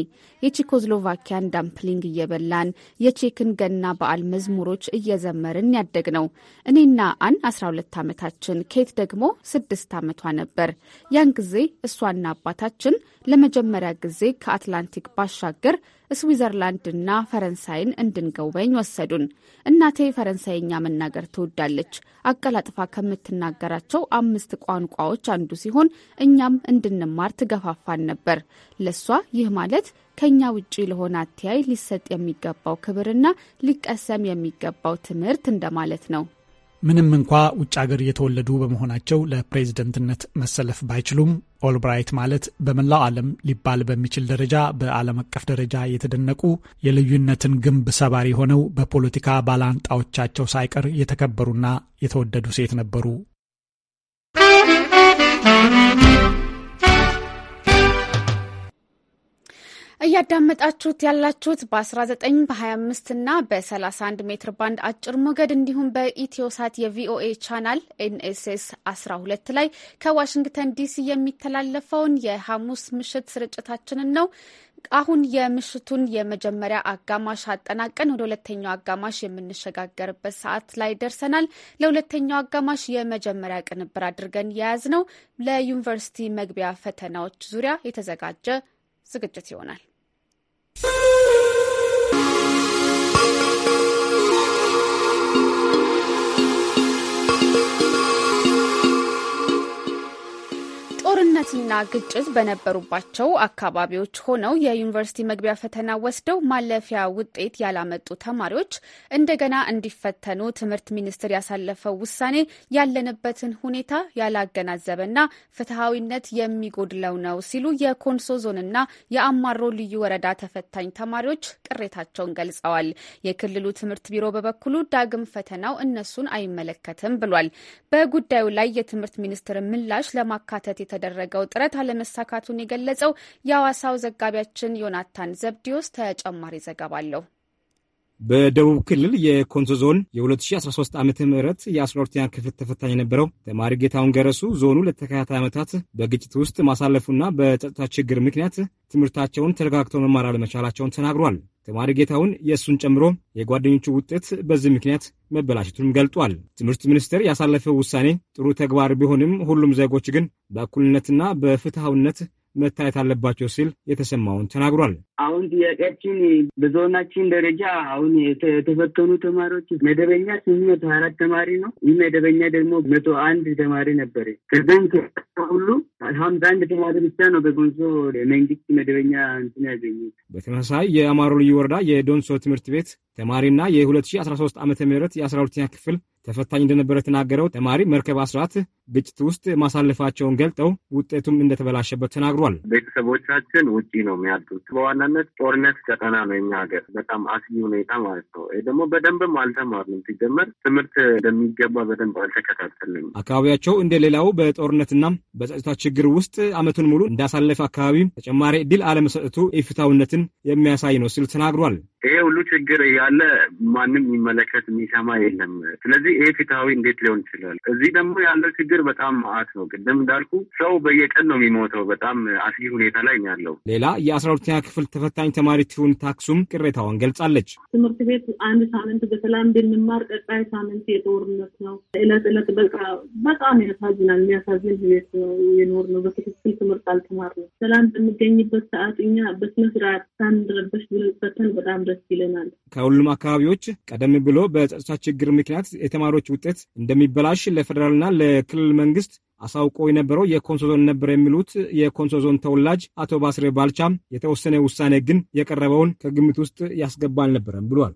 የቼኮዝሎቫኪያን ዳምፕሊንግ እየበላን የቼክን ገና በዓል መዝሙሮች እየዘመርን ያደግ ነው። እኔና አን 12 ዓመታችን፣ ኬት ደግሞ ስድስት ዓመቷ ነበር። ያን ጊዜ እሷና አባታችን ለመጀመሪያ ጊዜ ከአትላንቲክ ባሻገር ስዊዘርላንድና ፈረንሳይን እንድንጎበኝ ወሰዱን። እናቴ ፈረንሳይኛ መናገር ትወዳለች። አቀላጥፋ ከምትናገራቸው አምስት ቋንቋዎች አንዱ ሲሆን እኛም እንድንማር ትገፋፋን ነበር። ለሷ ይህ ማለት ከኛ ውጪ ለሆነ አትያይ ሊሰጥ የሚገባው ክብርና ሊቀሰም የሚገባው ትምህርት እንደማለት ነው። ምንም እንኳ ውጭ ሀገር የተወለዱ በመሆናቸው ለፕሬዝደንትነት መሰለፍ ባይችሉም ኦልብራይት ማለት በመላው ዓለም ሊባል በሚችል ደረጃ በዓለም አቀፍ ደረጃ የተደነቁ የልዩነትን ግንብ ሰባሪ ሆነው በፖለቲካ ባላንጣዎቻቸው ሳይቀር የተከበሩና የተወደዱ ሴት ነበሩ። እያዳመጣችሁት ያላችሁት በ19 በ25 እና በ31 ሜትር ባንድ አጭር ሞገድ እንዲሁም በኢትዮሳት የቪኦኤ ቻናል ኤንኤስኤስ 12 ላይ ከዋሽንግተን ዲሲ የሚተላለፈውን የሐሙስ ምሽት ስርጭታችንን ነው። አሁን የምሽቱን የመጀመሪያ አጋማሽ አጠናቀን ወደ ሁለተኛው አጋማሽ የምንሸጋገርበት ሰዓት ላይ ደርሰናል። ለሁለተኛው አጋማሽ የመጀመሪያ ቅንብር አድርገን የያዝ ነው ለዩኒቨርሲቲ መግቢያ ፈተናዎች ዙሪያ የተዘጋጀ ዝግጅት ይሆናል። ጦርነትና ግጭት በነበሩባቸው አካባቢዎች ሆነው የዩኒቨርሲቲ መግቢያ ፈተና ወስደው ማለፊያ ውጤት ያላመጡ ተማሪዎች እንደገና እንዲፈተኑ ትምህርት ሚኒስቴር ያሳለፈው ውሳኔ ያለንበትን ሁኔታ ያላገናዘበና ፍትሐዊነት የሚጎድለው ነው ሲሉ የኮንሶ ዞንና የአማሮ ልዩ ወረዳ ተፈታኝ ተማሪዎች ቅሬታቸውን ገልጸዋል። የክልሉ ትምህርት ቢሮ በበኩሉ ዳግም ፈተናው እነሱን አይመለከትም ብሏል። በጉዳዩ ላይ የትምህርት ሚኒስቴር ምላሽ ለማካተት የተደረገው ጥረት አለመሳካቱን የገለጸው የአዋሳው ዘጋቢያችን ዮናታን ዘብዲዮስ ተጨማሪ ዘገባ አለው። በደቡብ ክልል የኮንሶ ዞን የ2013 ዓ ም የ12ኛ ክፍል ተፈታኝ የነበረው ተማሪ ጌታውን ገረሱ ዞኑ ለተከታታይ ዓመታት በግጭት ውስጥ ማሳለፉና በጸጥታ ችግር ምክንያት ትምህርታቸውን ተረጋግተው መማር አለመቻላቸውን ተናግሯል። ተማሪ ጌታውን የእሱን ጨምሮ የጓደኞቹ ውጤት በዚህ ምክንያት መበላሸቱን ገልጧል። ትምህርት ሚኒስቴር ያሳለፈው ውሳኔ ጥሩ ተግባር ቢሆንም ሁሉም ዜጎች ግን በእኩልነትና በፍትሐውነት መታየት አለባቸው ሲል የተሰማውን ተናግሯል። አሁን ጥያቄያችን በዞናችን ደረጃ አሁን የተፈተኑ ተማሪዎች መደበኛ ስምንት አራት ተማሪ ነው። ይህ መደበኛ ደግሞ መቶ አንድ ተማሪ ነበር። ከዚም ሁሉ ሀምሳ አንድ ተማሪ ብቻ ነው በጎንሶ መንግስት መደበኛ እንትን ያገኙ። በተመሳሳይ የአማሮ ልዩ ወረዳ የዶንሶ ትምህርት ቤት ተማሪና የ2013 ዓ ም የ12ኛ ክፍል ተፈታኝ እንደነበረ ተናገረው ተማሪ መርከብ አስራት ግጭት ውስጥ ማሳለፋቸውን ገልጠው ውጤቱም እንደተበላሸበት ተናግሯል። ቤተሰቦቻችን ውጪ ነው የሚያሉት። በዋናነት ጦርነት ቀጠና ነው የኛ ሀገር፣ በጣም አስጊ ሁኔታ ማለት ነው። ይህ ደግሞ በደንብም አልተማርንም። ሲጀመር ትምህርት እንደሚገባ በደንብ አልተከታተልንም። አካባቢያቸው እንደ ሌላው በጦርነትና በጸጥታ ችግር ውስጥ አመቱን ሙሉ እንዳሳለፈ አካባቢ ተጨማሪ እድል አለመሰጠቱ ኢፍታውነትን የሚያሳይ ነው ሲሉ ተናግሯል። ይሄ ሁሉ ችግር እያለ ማንም የሚመለከት የሚሰማ የለም። ስለዚህ ይሄ ፍትሐዊ እንዴት ሊሆን ይችላል? እዚህ ደግሞ ያለው ችግር በጣም ማአት ነው። ቅድም እንዳልኩ ሰው በየቀን ነው የሚሞተው። በጣም አስጊ ሁኔታ ላይ ያለው። ሌላ የአስራ ሁለተኛ ክፍል ተፈታኝ ተማሪ ትሁን ታክሱም ቅሬታዋን ገልጻለች። ትምህርት ቤት አንድ ሳምንት በሰላም ብንማር ቀጣይ ሳምንት የጦርነት ነው። እለት እለት በቃ በጣም ያሳዝናል። የሚያሳዝን ህቤት የኖር ነው። በትክክል ትምህርት አልተማር ነው። ሰላም በሚገኝበት ሰዓት እኛ በስነ ስርዓት ሳንረበሽ ብንፈተን በጣም ደስ ይለናል። ከሁሉም አካባቢዎች ቀደም ብሎ በጸጥታ ችግር ምክንያት የተማሪዎች ውጤት እንደሚበላሽ ለፌዴራልና ለክልል መንግስት አሳውቆ የነበረው የኮንሶ ዞን ነበር የሚሉት የኮንሶ ዞን ተወላጅ አቶ ባስሬ ባልቻ የተወሰነ ውሳኔ ግን የቀረበውን ከግምት ውስጥ ያስገባ አልነበረም ብሏል።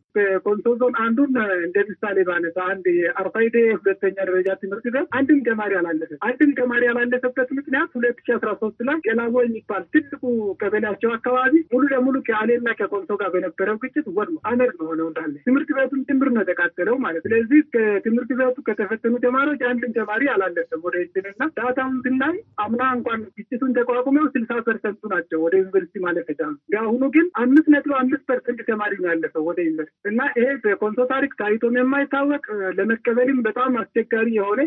ኮንሶ ዞን አንዱን እንደ ምሳሌ ባነሳ አንድ የአርፋይዴ ሁለተኛ ደረጃ ትምህርት ቤት አንድም ተማሪ አላለፈ አንድም ተማሪ ያላለፈበት ምክንያት ሁለት ሺ አስራ ሶስት ላይ ገላቦ የሚባል ትልቁ ቀበሌያቸው አካባቢ ሙሉ ለሙሉ ከአሌና ከኮንሶ ጋር በነበረው ግጭት ወድሞ አመድ ነው ሆነው እንዳለ ትምህርት ቤቱን ጭምር ነው የተቃጠለው ማለት ስለዚህ ከትምህርት ቤቱ ከተፈተኑ ተማሪዎች አንድም ተማሪ አላለፈም ወደ እና ዳታውን ስናይ አምና እንኳን ግጭቱን ተቋቁመው ስልሳ ፐርሰንቱ ናቸው ወደ ዩኒቨርሲቲ ማለፍ ዳ የአሁኑ ግን አምስት ነጥብ አምስት ፐርሰንት ተማሪ ነው ያለፈው ወደ ዩኒቨርሲቲ እና ይሄ በኮንሶ ታሪክ ታይቶም የማይታወቅ ለመቀበልም በጣም አስቸጋሪ የሆነ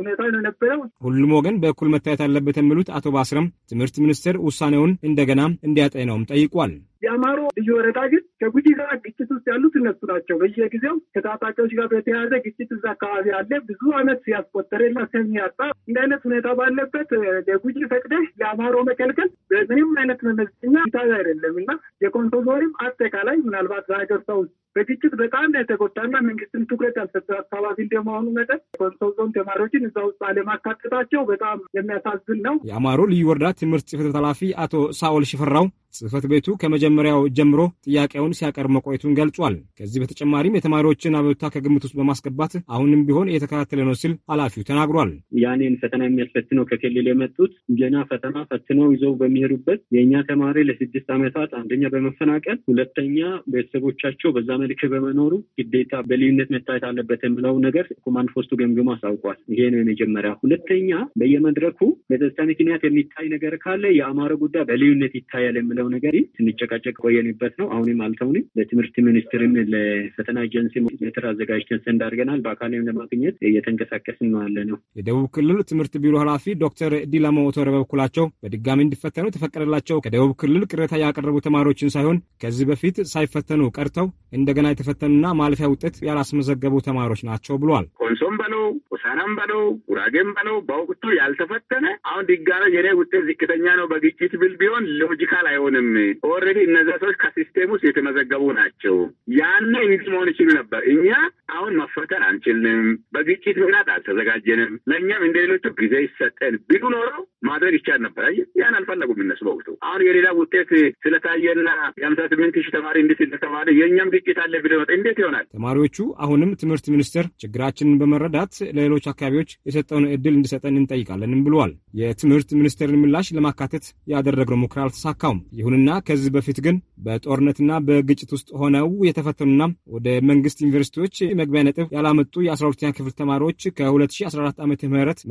ሁኔታ ነው የነበረው። ሁሉም ወገን በእኩል መታየት አለበት የሚሉት አቶ ባስረም ትምህርት ሚኒስቴር ውሳኔውን እንደገና እንዲያጤነውም ጠይቋል። የአማሮ ልዩ ወረዳ ግን ከጉጂ ጋር ግጭት ውስጥ ያሉት እነሱ ናቸው። በየጊዜው ከታጣቂዎች ጋር በተያያዘ ግጭት እዛ አካባቢ አለ። ብዙ አመት ያስቆጠረና ሰሚ ያጣ እንደ አይነት ሁኔታ ባለበት ለጉጂ ፈቅደሽ የአማሮ መከልከል በምንም አይነት መመዘኛ ይታዝ አይደለም እና የኮንሶ ዞንም አጠቃላይ ምናልባት በሀገር ሰው በግጭት በጣም የተጎዳና መንግስትን ትኩረት ያልሰጠ አካባቢ እንደመሆኑ መጠን ኮንሶ ዞን ተማሪዎችን እዛ ውስጥ አለማካተታቸው በጣም የሚያሳዝን ነው። የአማሮ ልዩ ወረዳ ትምህርት ጽሕፈት ቤት ኃላፊ አቶ ሳኦል ሽፈራው ጽህፈት ቤቱ ከመጀመሪያው ጀምሮ ጥያቄውን ሲያቀርብ መቆየቱን ገልጿል። ከዚህ በተጨማሪም የተማሪዎችን አቤቱታ ከግምት ውስጥ በማስገባት አሁንም ቢሆን እየተከታተለ ነው ሲል ኃላፊው ተናግሯል። ያኔን ፈተና የሚያስፈትነው ከክልል የመጡት ገና ፈተና ፈትነው ይዘው በሚሄዱበት የእኛ ተማሪ ለስድስት ዓመታት አንደኛ በመፈናቀል ሁለተኛ ቤተሰቦቻቸው በዛ መልክ በመኖሩ ግዴታ በልዩነት መታየት አለበት የምለው ነገር ኮማንድ ፖስቱ ገምግሞ አሳውቋል ይሄ ነው የመጀመሪያ። ሁለተኛ በየመድረኩ በጸጥታ ምክንያት የሚታይ ነገር ካለ የአማረ ጉዳይ በልዩነት ይታያል የምለው ነገር ስንጨቃጨቅ ቆየንበት ነው። አሁንም አልተውንም። ለትምህርት ሚኒስትርም ለፈተና ኤጀንሲ ሌተር አዘጋጅተን ሰንድ አድርገናል። በአካልም ለማግኘት እየተንቀሳቀስን ነው ያለ ነው። የደቡብ ክልል ትምህርት ቢሮ ኃላፊ ዶክተር ዲላሞ በኩላቸው በበኩላቸው በድጋሚ እንዲፈተኑ ተፈቀደላቸው ከደቡብ ክልል ቅሬታ ያቀረቡ ተማሪዎችን ሳይሆን ከዚህ በፊት ሳይፈተኑ ቀርተው እንደ እንደገና የተፈተኑና ማለፊያ ውጤት ያላስመዘገቡ ተማሪዎች ናቸው ብሏል። ኮንሶም በለው ጎሳንም በለው ጉራጌም በለው በወቅቱ ያልተፈተነ አሁን ድጋሚ የኔ ውጤት ዝቅተኛ ነው በግጭት ብል ቢሆን ሎጂካል አይሆንም። ኦልሬዲ እነዚ ሰዎች ከሲስቴም ውስጥ የተመዘገቡ ናቸው። ያኔ እንዲህ መሆን ይችሉ ነበር። እኛ አሁን መፈተን አንችልም፣ በግጭት ምክንያት አልተዘጋጀንም፣ ለእኛም እንደ ሌሎቹ ጊዜ ይሰጠን ቢሉ ኖሮ ማድረግ ይቻል ነበር። ያን አልፈለጉም እነሱ በወቅቱ። አሁን የሌላ ውጤት ስለታየና የአምሳ ስምንት ሺህ ተማሪ እንዲህ ስለተባለ የእኛም ግጭት አለ ብሎ እንዴት ይሆናል? ተማሪዎቹ አሁንም ትምህርት ሚኒስቴር ችግራችንን በመረዳት ለሌሎች አካባቢዎች የሰጠውን እድል እንዲሰጠን እንጠይቃለንም ብለዋል። የትምህርት ሚኒስቴርን ምላሽ ለማካተት ያደረግነው ሙከራ አልተሳካውም። ይሁንና ከዚህ በፊት ግን በጦርነትና በግጭት ውስጥ ሆነው የተፈተኑና ወደ መንግስት ዩኒቨርሲቲዎች መግቢያ ነጥብ ያላመጡ የ12ኛ ክፍል ተማሪዎች ከ2014 ዓ ም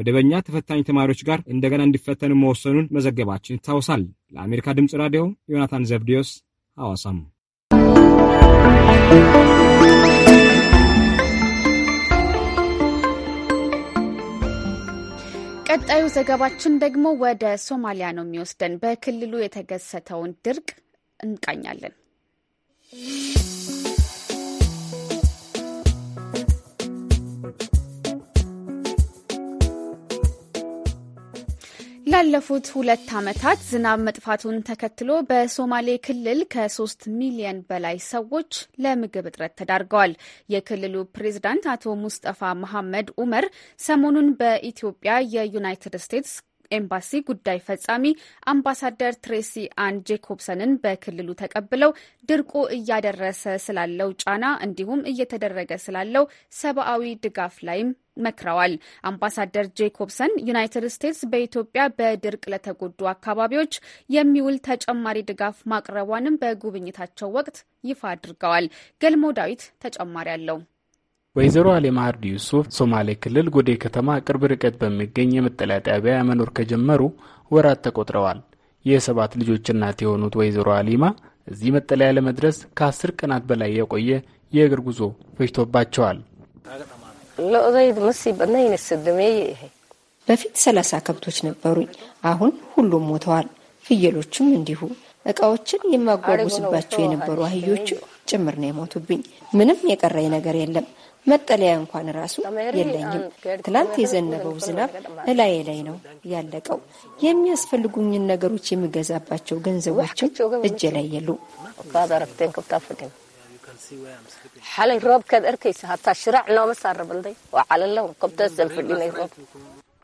መደበኛ ተፈታኝ ተማሪዎች ጋር እንደገና እንዲፈተኑ መወሰኑን መዘገባችን ይታወሳል። ለአሜሪካ ድምፅ ራዲዮ ዮናታን ዘብዲዮስ ሐዋሳም ቀጣዩ ዘገባችን ደግሞ ወደ ሶማሊያ ነው የሚወስደን። በክልሉ የተከሰተውን ድርቅ እንቃኛለን። ላለፉት ሁለት ዓመታት ዝናብ መጥፋቱን ተከትሎ በሶማሌ ክልል ከሶስት ሚሊየን በላይ ሰዎች ለምግብ እጥረት ተዳርገዋል። የክልሉ ፕሬዝዳንት አቶ ሙስጠፋ መሐመድ ኡመር ሰሞኑን በኢትዮጵያ የዩናይትድ ስቴትስ ኤምባሲ ጉዳይ ፈጻሚ አምባሳደር ትሬሲ አን ጄኮብሰንን በክልሉ ተቀብለው ድርቁ እያደረሰ ስላለው ጫና እንዲሁም እየተደረገ ስላለው ሰብአዊ ድጋፍ ላይም መክረዋል። አምባሳደር ጄኮብሰን ዩናይትድ ስቴትስ በኢትዮጵያ በድርቅ ለተጎዱ አካባቢዎች የሚውል ተጨማሪ ድጋፍ ማቅረቧንም በጉብኝታቸው ወቅት ይፋ አድርገዋል። ገልሞ ዳዊት ተጨማሪ አለው። ወይዘሮ አሊማ አርዲ ዩሱፍ ሶማሌ ክልል ጎዴ ከተማ ቅርብ ርቀት በሚገኝ የመጠለያ ጣቢያ መኖር ከጀመሩ ወራት ተቆጥረዋል። የሰባት ልጆች እናት የሆኑት ወይዘሮ አሊማ እዚህ መጠለያ ለመድረስ ከአስር ቀናት በላይ የቆየ የእግር ጉዞ ፈጅቶባቸዋል። በፊት ሰላሳ ከብቶች ነበሩኝ። አሁን ሁሉም ሞተዋል። ፍየሎችም እንዲሁ እቃዎችን የማጓጉዝባቸው የነበሩ አህዮችም ጭምር ነው የሞቱብኝ። ምንም የቀረኝ ነገር የለም። መጠለያ እንኳን ራሱ የለኝም። ትላንት የዘነበው ዝናብ እላዬ ላይ ነው ያለቀው። የሚያስፈልጉኝን ነገሮች የሚገዛባቸው ገንዘቦችም እጄ ላይ የሉ።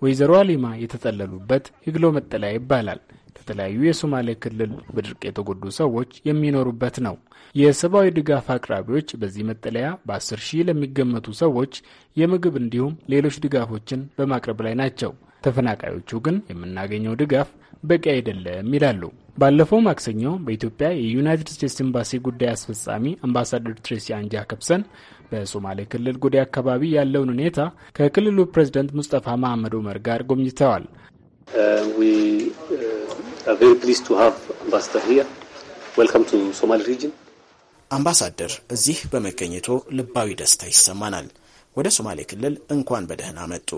ወይዘሮ አሊማ የተጠለሉበት ይግሎ መጠለያ ይባላል። በተለያዩ የሶማሌ ክልል በድርቅ የተጎዱ ሰዎች የሚኖሩበት ነው። የሰብአዊ ድጋፍ አቅራቢዎች በዚህ መጠለያ በ10 ሺህ ለሚገመቱ ሰዎች የምግብ እንዲሁም ሌሎች ድጋፎችን በማቅረብ ላይ ናቸው። ተፈናቃዮቹ ግን የምናገኘው ድጋፍ በቂ አይደለም ይላሉ። ባለፈው ማክሰኞ በኢትዮጵያ የዩናይትድ ስቴትስ ኤምባሲ ጉዳይ አስፈጻሚ አምባሳደር ትሬሲ አንጃ ከብሰን በሶማሌ ክልል ጉዳይ አካባቢ ያለውን ሁኔታ ከክልሉ ፕሬዚደንት ሙስጠፋ መሐመድ ኡመር ጋር ጎብኝተዋል። uh, uh, very pleased to have ambassador here. Welcome to Somali region. አምባሳደር እዚህ በመገኘቶ ልባዊ ደስታ ይሰማናል። ወደ ሶማሌ ክልል እንኳን በደህና መጡ።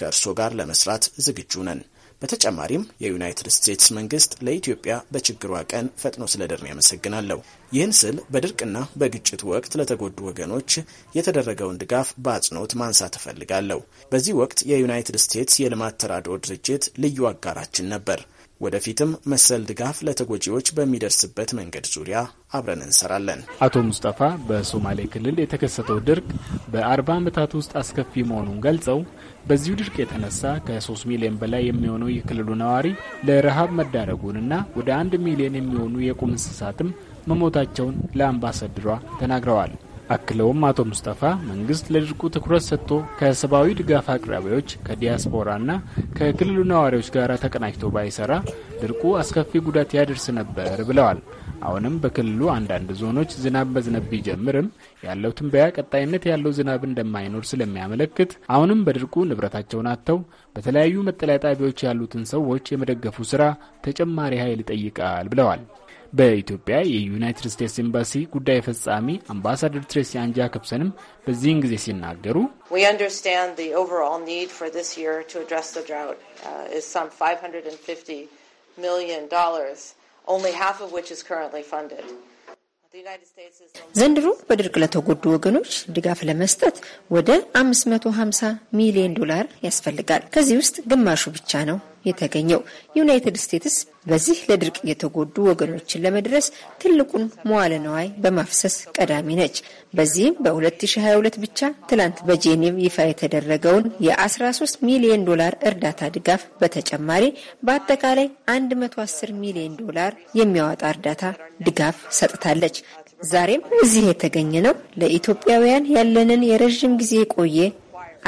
ከእርስዎ ጋር ለመስራት ዝግጁ ነን። በተጨማሪም የዩናይትድ ስቴትስ መንግስት ለኢትዮጵያ በችግሯ ቀን ፈጥኖ ስለደረሰ ያመሰግናለሁ። ይህን ስል በድርቅና በግጭት ወቅት ለተጎዱ ወገኖች የተደረገውን ድጋፍ በአጽንኦት ማንሳት እፈልጋለሁ። በዚህ ወቅት የዩናይትድ ስቴትስ የልማት ተራድኦ ድርጅት ልዩ አጋራችን ነበር። ወደፊትም መሰል ድጋፍ ለተጎጂዎች በሚደርስበት መንገድ ዙሪያ አብረን እንሰራለን። አቶ ሙስጠፋ በሶማሌ ክልል የተከሰተው ድርቅ በአርባ ዓመታት ውስጥ አስከፊ መሆኑን ገልጸው በዚሁ ድርቅ የተነሳ ከ3 ሚሊዮን በላይ የሚሆነው የክልሉ ነዋሪ ለረሃብ መዳረጉንና ወደ አንድ ሚሊዮን የሚሆኑ የቁም እንስሳትም መሞታቸውን ለአምባሳደሯ ተናግረዋል። አክለውም አቶ ሙስጠፋ መንግስት ለድርቁ ትኩረት ሰጥቶ ከሰብአዊ ድጋፍ አቅራቢዎች ከዲያስፖራና ከክልሉ ነዋሪዎች ጋር ተቀናጅቶ ባይሰራ ድርቁ አስከፊ ጉዳት ያደርስ ነበር ብለዋል። አሁንም በክልሉ አንዳንድ ዞኖች ዝናብ መዝነብ ቢጀምርም ያለው ትንበያ ቀጣይነት ያለው ዝናብ እንደማይኖር ስለሚያመለክት አሁንም በድርቁ ንብረታቸውን አጥተው በተለያዩ መጠለያ ጣቢያዎች ያሉትን ሰዎች የመደገፉ ስራ ተጨማሪ ኃይል ይጠይቃል ብለዋል። በኢትዮጵያ የዩናይትድ ስቴትስ ኤምባሲ ጉዳይ ፈጻሚ አምባሳደር ትሬሲ አንጃ ከብሰንም በዚህን ጊዜ ሲናገሩ uh, ዘንድሮ በድርቅ ለተጎዱ ወገኖች ድጋፍ ለመስጠት ወደ 550 ሚሊዮን ዶላር ያስፈልጋል። ከዚህ ውስጥ ግማሹ ብቻ ነው የተገኘው። ዩናይትድ ስቴትስ በዚህ ለድርቅ የተጎዱ ወገኖችን ለመድረስ ትልቁን መዋለ ነዋይ በማፍሰስ ቀዳሚ ነች። በዚህም በ2022 ብቻ ትላንት በጄኔቭ ይፋ የተደረገውን የ13 ሚሊዮን ዶላር እርዳታ ድጋፍ በተጨማሪ በአጠቃላይ 110 ሚሊዮን ዶላር የሚያወጣ እርዳታ ድጋፍ ሰጥታለች። ዛሬም እዚህ የተገኘ ነው ለኢትዮጵያውያን ያለንን የረዥም ጊዜ የቆየ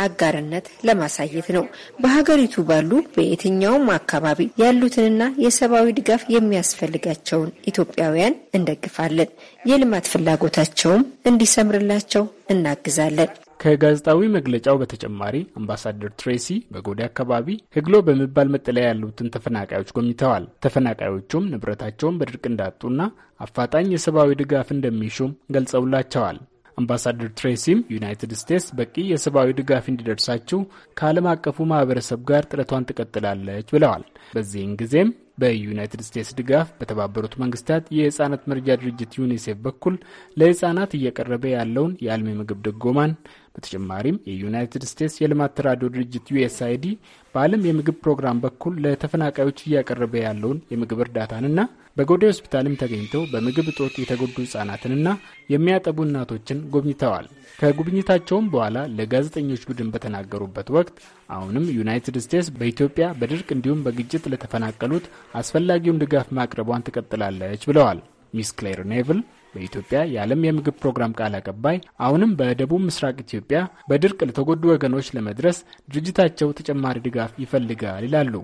አጋርነት ለማሳየት ነው። በሀገሪቱ ባሉ በየትኛውም አካባቢ ያሉትንና የሰብአዊ ድጋፍ የሚያስፈልጋቸውን ኢትዮጵያውያን እንደግፋለን። የልማት ፍላጎታቸውም እንዲሰምርላቸው እናግዛለን። ከጋዜጣዊ መግለጫው በተጨማሪ አምባሳደር ትሬሲ በጎዴ አካባቢ ህግሎ በመባል መጠለያ ያሉትን ተፈናቃዮች ጎብኝተዋል። ተፈናቃዮቹም ንብረታቸውን በድርቅ እንዳጡና አፋጣኝ የሰብአዊ ድጋፍ እንደሚሹም ገልጸውላቸዋል። አምባሳደር ትሬሲም ዩናይትድ ስቴትስ በቂ የሰብአዊ ድጋፍ እንዲደርሳችው ከዓለም አቀፉ ማህበረሰብ ጋር ጥረቷን ትቀጥላለች ብለዋል። በዚህን ጊዜም በዩናይትድ ስቴትስ ድጋፍ በተባበሩት መንግስታት የህፃናት መርጃ ድርጅት ዩኒሴፍ በኩል ለህፃናት እየቀረበ ያለውን የአልሚ ምግብ ድጎማን በተጨማሪም የዩናይትድ ስቴትስ የልማት ተራድኦ ድርጅት ዩኤስአይዲ በዓለም የምግብ ፕሮግራም በኩል ለተፈናቃዮች እያቀረበ ያለውን የምግብ እርዳታንና በጎዴ ሆስፒታልም ተገኝተው በምግብ እጦት የተጎዱ ህጻናትንና የሚያጠቡ እናቶችን ጎብኝተዋል። ከጉብኝታቸውም በኋላ ለጋዜጠኞች ቡድን በተናገሩበት ወቅት አሁንም ዩናይትድ ስቴትስ በኢትዮጵያ በድርቅ እንዲሁም በግጭት ለተፈናቀሉት አስፈላጊውን ድጋፍ ማቅረቧን ትቀጥላለች ብለዋል። ሚስ ክሌር ኔቭል በኢትዮጵያ የዓለም የምግብ ፕሮግራም ቃል አቀባይ አሁንም በደቡብ ምስራቅ ኢትዮጵያ በድርቅ ለተጎዱ ወገኖች ለመድረስ ድርጅታቸው ተጨማሪ ድጋፍ ይፈልጋል ይላሉ።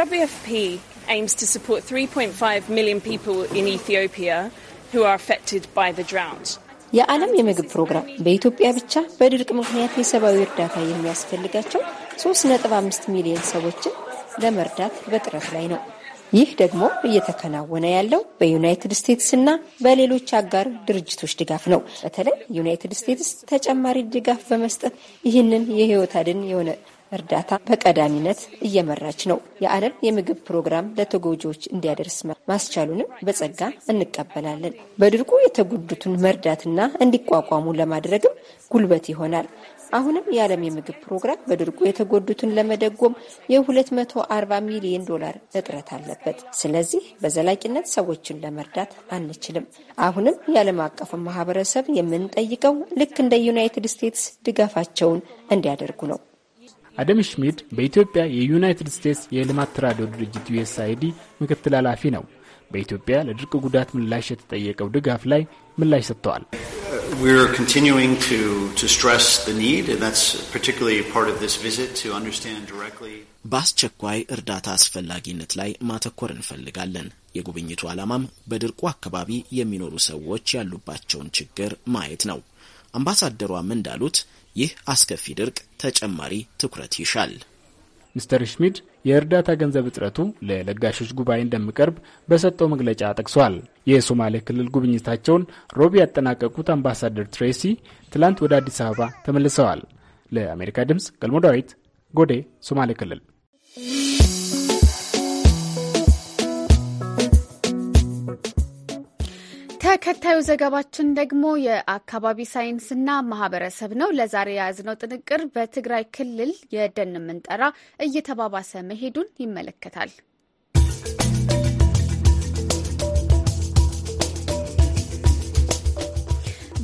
WFP aims to support 3.5 million people in Ethiopia who are affected by the drought. የዓለም የምግብ ፕሮግራም በኢትዮጵያ ብቻ በድርቅ ምክንያት የሰብአዊ እርዳታ የሚያስፈልጋቸው 3.5 ሚሊዮን ሰዎችን ለመርዳት በጥረት ላይ ነው። ይህ ደግሞ እየተከናወነ ያለው በዩናይትድ ስቴትስ እና በሌሎች አጋር ድርጅቶች ድጋፍ ነው። በተለይ ዩናይትድ ስቴትስ ተጨማሪ ድጋፍ በመስጠት ይህንን የህይወት አድን የሆነ እርዳታ በቀዳሚነት እየመራች ነው። የዓለም የምግብ ፕሮግራም ለተጎጂዎች እንዲያደርስ ማስቻሉንም በጸጋ እንቀበላለን። በድርቁ የተጎዱትን መርዳትና እንዲቋቋሙ ለማድረግም ጉልበት ይሆናል። አሁንም የዓለም የምግብ ፕሮግራም በድርቁ የተጎዱትን ለመደጎም የ240 ሚሊዮን ዶላር እጥረት አለበት። ስለዚህ በዘላቂነት ሰዎችን ለመርዳት አንችልም። አሁንም የዓለም አቀፉ ማህበረሰብ የምንጠይቀው ልክ እንደ ዩናይትድ ስቴትስ ድጋፋቸውን እንዲያደርጉ ነው። አደም ሽሚድ በኢትዮጵያ የዩናይትድ ስቴትስ የልማት ተራድኦ ድርጅት ዩኤስአይዲ ምክትል ኃላፊ ነው። በኢትዮጵያ ለድርቅ ጉዳት ምላሽ የተጠየቀው ድጋፍ ላይ ምላሽ ሰጥተዋል። በአስቸኳይ እርዳታ አስፈላጊነት ላይ ማተኮር እንፈልጋለን። የጉብኝቱ ዓላማም በድርቁ አካባቢ የሚኖሩ ሰዎች ያሉባቸውን ችግር ማየት ነው። አምባሳደሯም እንዳሉት ይህ አስከፊ ድርቅ ተጨማሪ ትኩረት ይሻል። ሚስተር ሽሚድ የእርዳታ ገንዘብ እጥረቱ ለለጋሾች ጉባኤ እንደሚቀርብ በሰጠው መግለጫ ጠቅሷል። የሶማሌ ክልል ጉብኝታቸውን ሮብ ያጠናቀቁት አምባሳደር ትሬሲ ትላንት ወደ አዲስ አበባ ተመልሰዋል። ለአሜሪካ ድምፅ ገልሞ ዳዊት ጎዴ፣ ሶማሌ ክልል ተከታዩ ዘገባችን ደግሞ የአካባቢ ሳይንስና ማህበረሰብ ነው። ለዛሬ የያዝነው ጥንቅር በትግራይ ክልል የደን ምንጠራ እየተባባሰ መሄዱን ይመለከታል።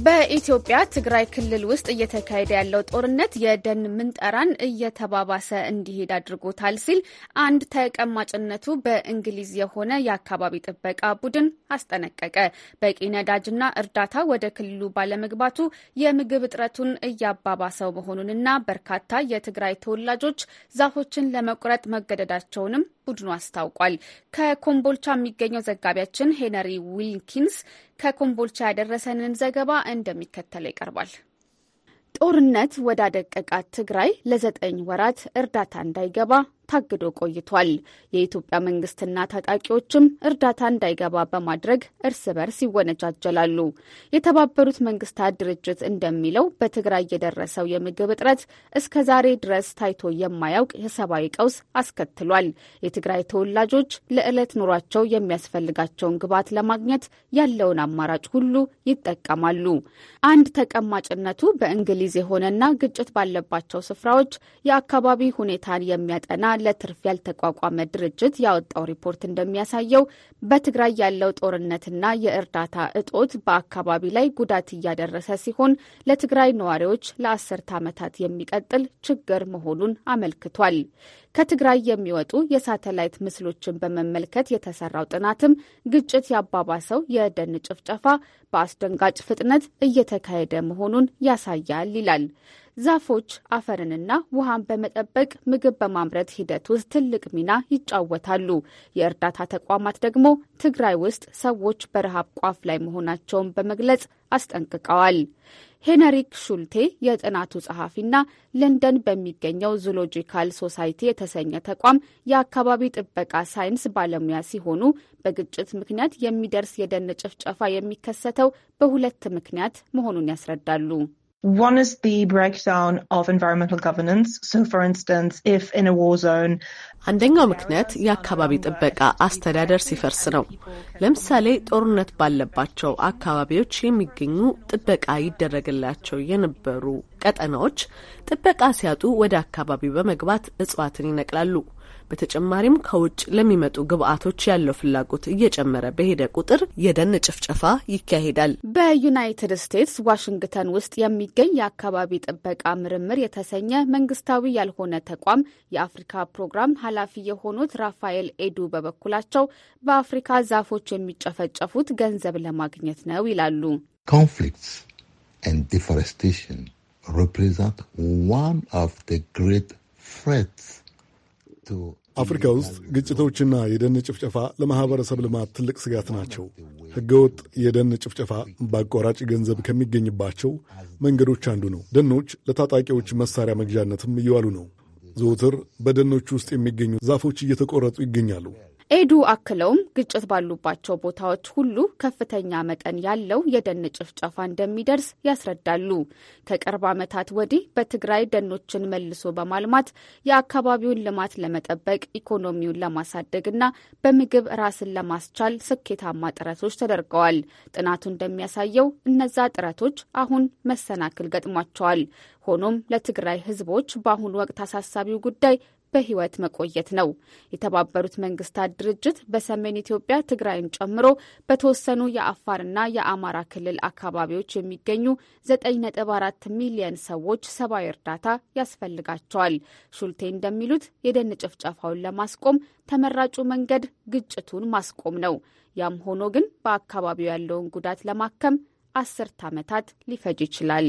በኢትዮጵያ ትግራይ ክልል ውስጥ እየተካሄደ ያለው ጦርነት የደን ምንጠራን እየተባባሰ እንዲሄድ አድርጎታል ሲል አንድ ተቀማጭነቱ በእንግሊዝ የሆነ የአካባቢ ጥበቃ ቡድን አስጠነቀቀ። በቂ ነዳጅና እርዳታ ወደ ክልሉ ባለመግባቱ የምግብ እጥረቱን እያባባሰው መሆኑንና በርካታ የትግራይ ተወላጆች ዛፎችን ለመቁረጥ መገደዳቸውንም ቡድኑ አስታውቋል። ከኮምቦልቻ የሚገኘው ዘጋቢያችን ሄነሪ ዊልኪንስ ከኮምቦልቻ ያደረሰንን ዘገባ እንደሚከተለው ይቀርባል። ጦርነት ወዳደቀቃት ትግራይ ለዘጠኝ ወራት እርዳታ እንዳይገባ ታግዶ ቆይቷል። የኢትዮጵያ መንግስትና ታጣቂዎችም እርዳታ እንዳይገባ በማድረግ እርስ በርስ ይወነጃጀላሉ። የተባበሩት መንግስታት ድርጅት እንደሚለው በትግራይ የደረሰው የምግብ እጥረት እስከ ዛሬ ድረስ ታይቶ የማያውቅ የሰብአዊ ቀውስ አስከትሏል። የትግራይ ተወላጆች ለዕለት ኑሯቸው የሚያስፈልጋቸውን ግብዓት ለማግኘት ያለውን አማራጭ ሁሉ ይጠቀማሉ። አንድ ተቀማጭነቱ በእንግሊዝ የሆነና ግጭት ባለባቸው ስፍራዎች የአካባቢ ሁኔታን የሚያጠና ለትርፍ ያልተቋቋመ ድርጅት ያወጣው ሪፖርት እንደሚያሳየው በትግራይ ያለው ጦርነትና የእርዳታ እጦት በአካባቢ ላይ ጉዳት እያደረሰ ሲሆን ለትግራይ ነዋሪዎች ለአስርተ ዓመታት የሚቀጥል ችግር መሆኑን አመልክቷል። ከትግራይ የሚወጡ የሳተላይት ምስሎችን በመመልከት የተሰራው ጥናትም ግጭት ያባባሰው የደን ጭፍጨፋ በአስደንጋጭ ፍጥነት እየተካሄደ መሆኑን ያሳያል ይላል። ዛፎች አፈርንና ውሃን በመጠበቅ ምግብ በማምረት ሂደት ውስጥ ትልቅ ሚና ይጫወታሉ። የእርዳታ ተቋማት ደግሞ ትግራይ ውስጥ ሰዎች በረሃብ ቋፍ ላይ መሆናቸውን በመግለጽ አስጠንቅቀዋል። ሄነሪክ ሹልቴ የጥናቱ ጸሐፊና ለንደን በሚገኘው ዙሎጂካል ሶሳይቲ የተሰኘ ተቋም የአካባቢ ጥበቃ ሳይንስ ባለሙያ ሲሆኑ በግጭት ምክንያት የሚደርስ የደን ጭፍጨፋ የሚከሰተው በሁለት ምክንያት መሆኑን ያስረዳሉ። One is the breakdown of environmental governance. So for instance, if in a war zone አንደኛው ምክንያት የአካባቢ ጥበቃ አስተዳደር ሲፈርስ ነው። ለምሳሌ ጦርነት ባለባቸው አካባቢዎች የሚገኙ ጥበቃ ይደረግላቸው የነበሩ ቀጠናዎች ጥበቃ ሲያጡ ወደ አካባቢው በመግባት እጽዋትን ይነቅላሉ። በተጨማሪም ከውጭ ለሚመጡ ግብአቶች ያለው ፍላጎት እየጨመረ በሄደ ቁጥር የደን ጭፍጨፋ ይካሄዳል። በዩናይትድ ስቴትስ ዋሽንግተን ውስጥ የሚገኝ የአካባቢ ጥበቃ ምርምር የተሰኘ መንግስታዊ ያልሆነ ተቋም የአፍሪካ ፕሮግራም ኃላፊ የሆኑት ራፋኤል ኤዱ በበኩላቸው በአፍሪካ ዛፎች የሚጨፈጨፉት ገንዘብ ለማግኘት ነው ይላሉ። ኮንፍሊክትስ ኤንድ ዲፎሬስቴሽን ዋን ኦፍ ግሬት ትሬትስ አፍሪካ ውስጥ ግጭቶችና የደን ጭፍጨፋ ለማህበረሰብ ልማት ትልቅ ስጋት ናቸው። ህገወጥ የደን ጭፍጨፋ በአቋራጭ ገንዘብ ከሚገኝባቸው መንገዶች አንዱ ነው። ደኖች ለታጣቂዎች መሳሪያ መግዣነትም እየዋሉ ነው። ዘውትር በደኖች ውስጥ የሚገኙ ዛፎች እየተቆረጡ ይገኛሉ። ኤዱ አክለውም ግጭት ባሉባቸው ቦታዎች ሁሉ ከፍተኛ መጠን ያለው የደን ጭፍጨፋ እንደሚደርስ ያስረዳሉ። ከቅርብ ዓመታት ወዲህ በትግራይ ደኖችን መልሶ በማልማት የአካባቢውን ልማት ለመጠበቅ ኢኮኖሚውን ለማሳደግና በምግብ ራስን ለማስቻል ስኬታማ ጥረቶች ተደርገዋል። ጥናቱ እንደሚያሳየው እነዛ ጥረቶች አሁን መሰናክል ገጥሟቸዋል። ሆኖም ለትግራይ ሕዝቦች በአሁኑ ወቅት አሳሳቢው ጉዳይ በህይወት መቆየት ነው። የተባበሩት መንግስታት ድርጅት በሰሜን ኢትዮጵያ ትግራይን ጨምሮ በተወሰኑ የአፋርና የአማራ ክልል አካባቢዎች የሚገኙ 9.4 ሚሊየን ሰዎች ሰብአዊ እርዳታ ያስፈልጋቸዋል። ሹልቴ እንደሚሉት የደን ጭፍጨፋውን ለማስቆም ተመራጩ መንገድ ግጭቱን ማስቆም ነው። ያም ሆኖ ግን በአካባቢው ያለውን ጉዳት ለማከም አስርት ዓመታት ሊፈጅ ይችላል።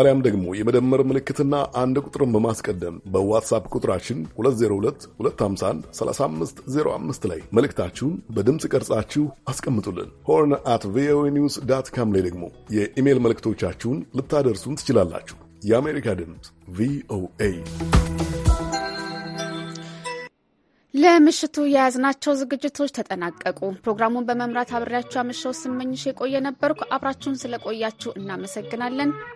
አሊያም ደግሞ የመደመር ምልክትና አንድ ቁጥርን በማስቀደም በዋትሳፕ ቁጥራችን 2022513505 ላይ መልእክታችሁን በድምፅ ቀርጻችሁ አስቀምጡልን። ሆርን አት ቪኦኤ ኒውስ ዳት ካም ላይ ደግሞ የኢሜይል መልእክቶቻችሁን ልታደርሱን ትችላላችሁ። የአሜሪካ ድምፅ ቪኦኤ ለምሽቱ የያዝናቸው ዝግጅቶች ተጠናቀቁ። ፕሮግራሙን በመምራት አብሬያችሁ አመሻው ስመኝሽ የቆየ ነበርኩ። አብራችሁን ስለቆያችሁ እናመሰግናለን።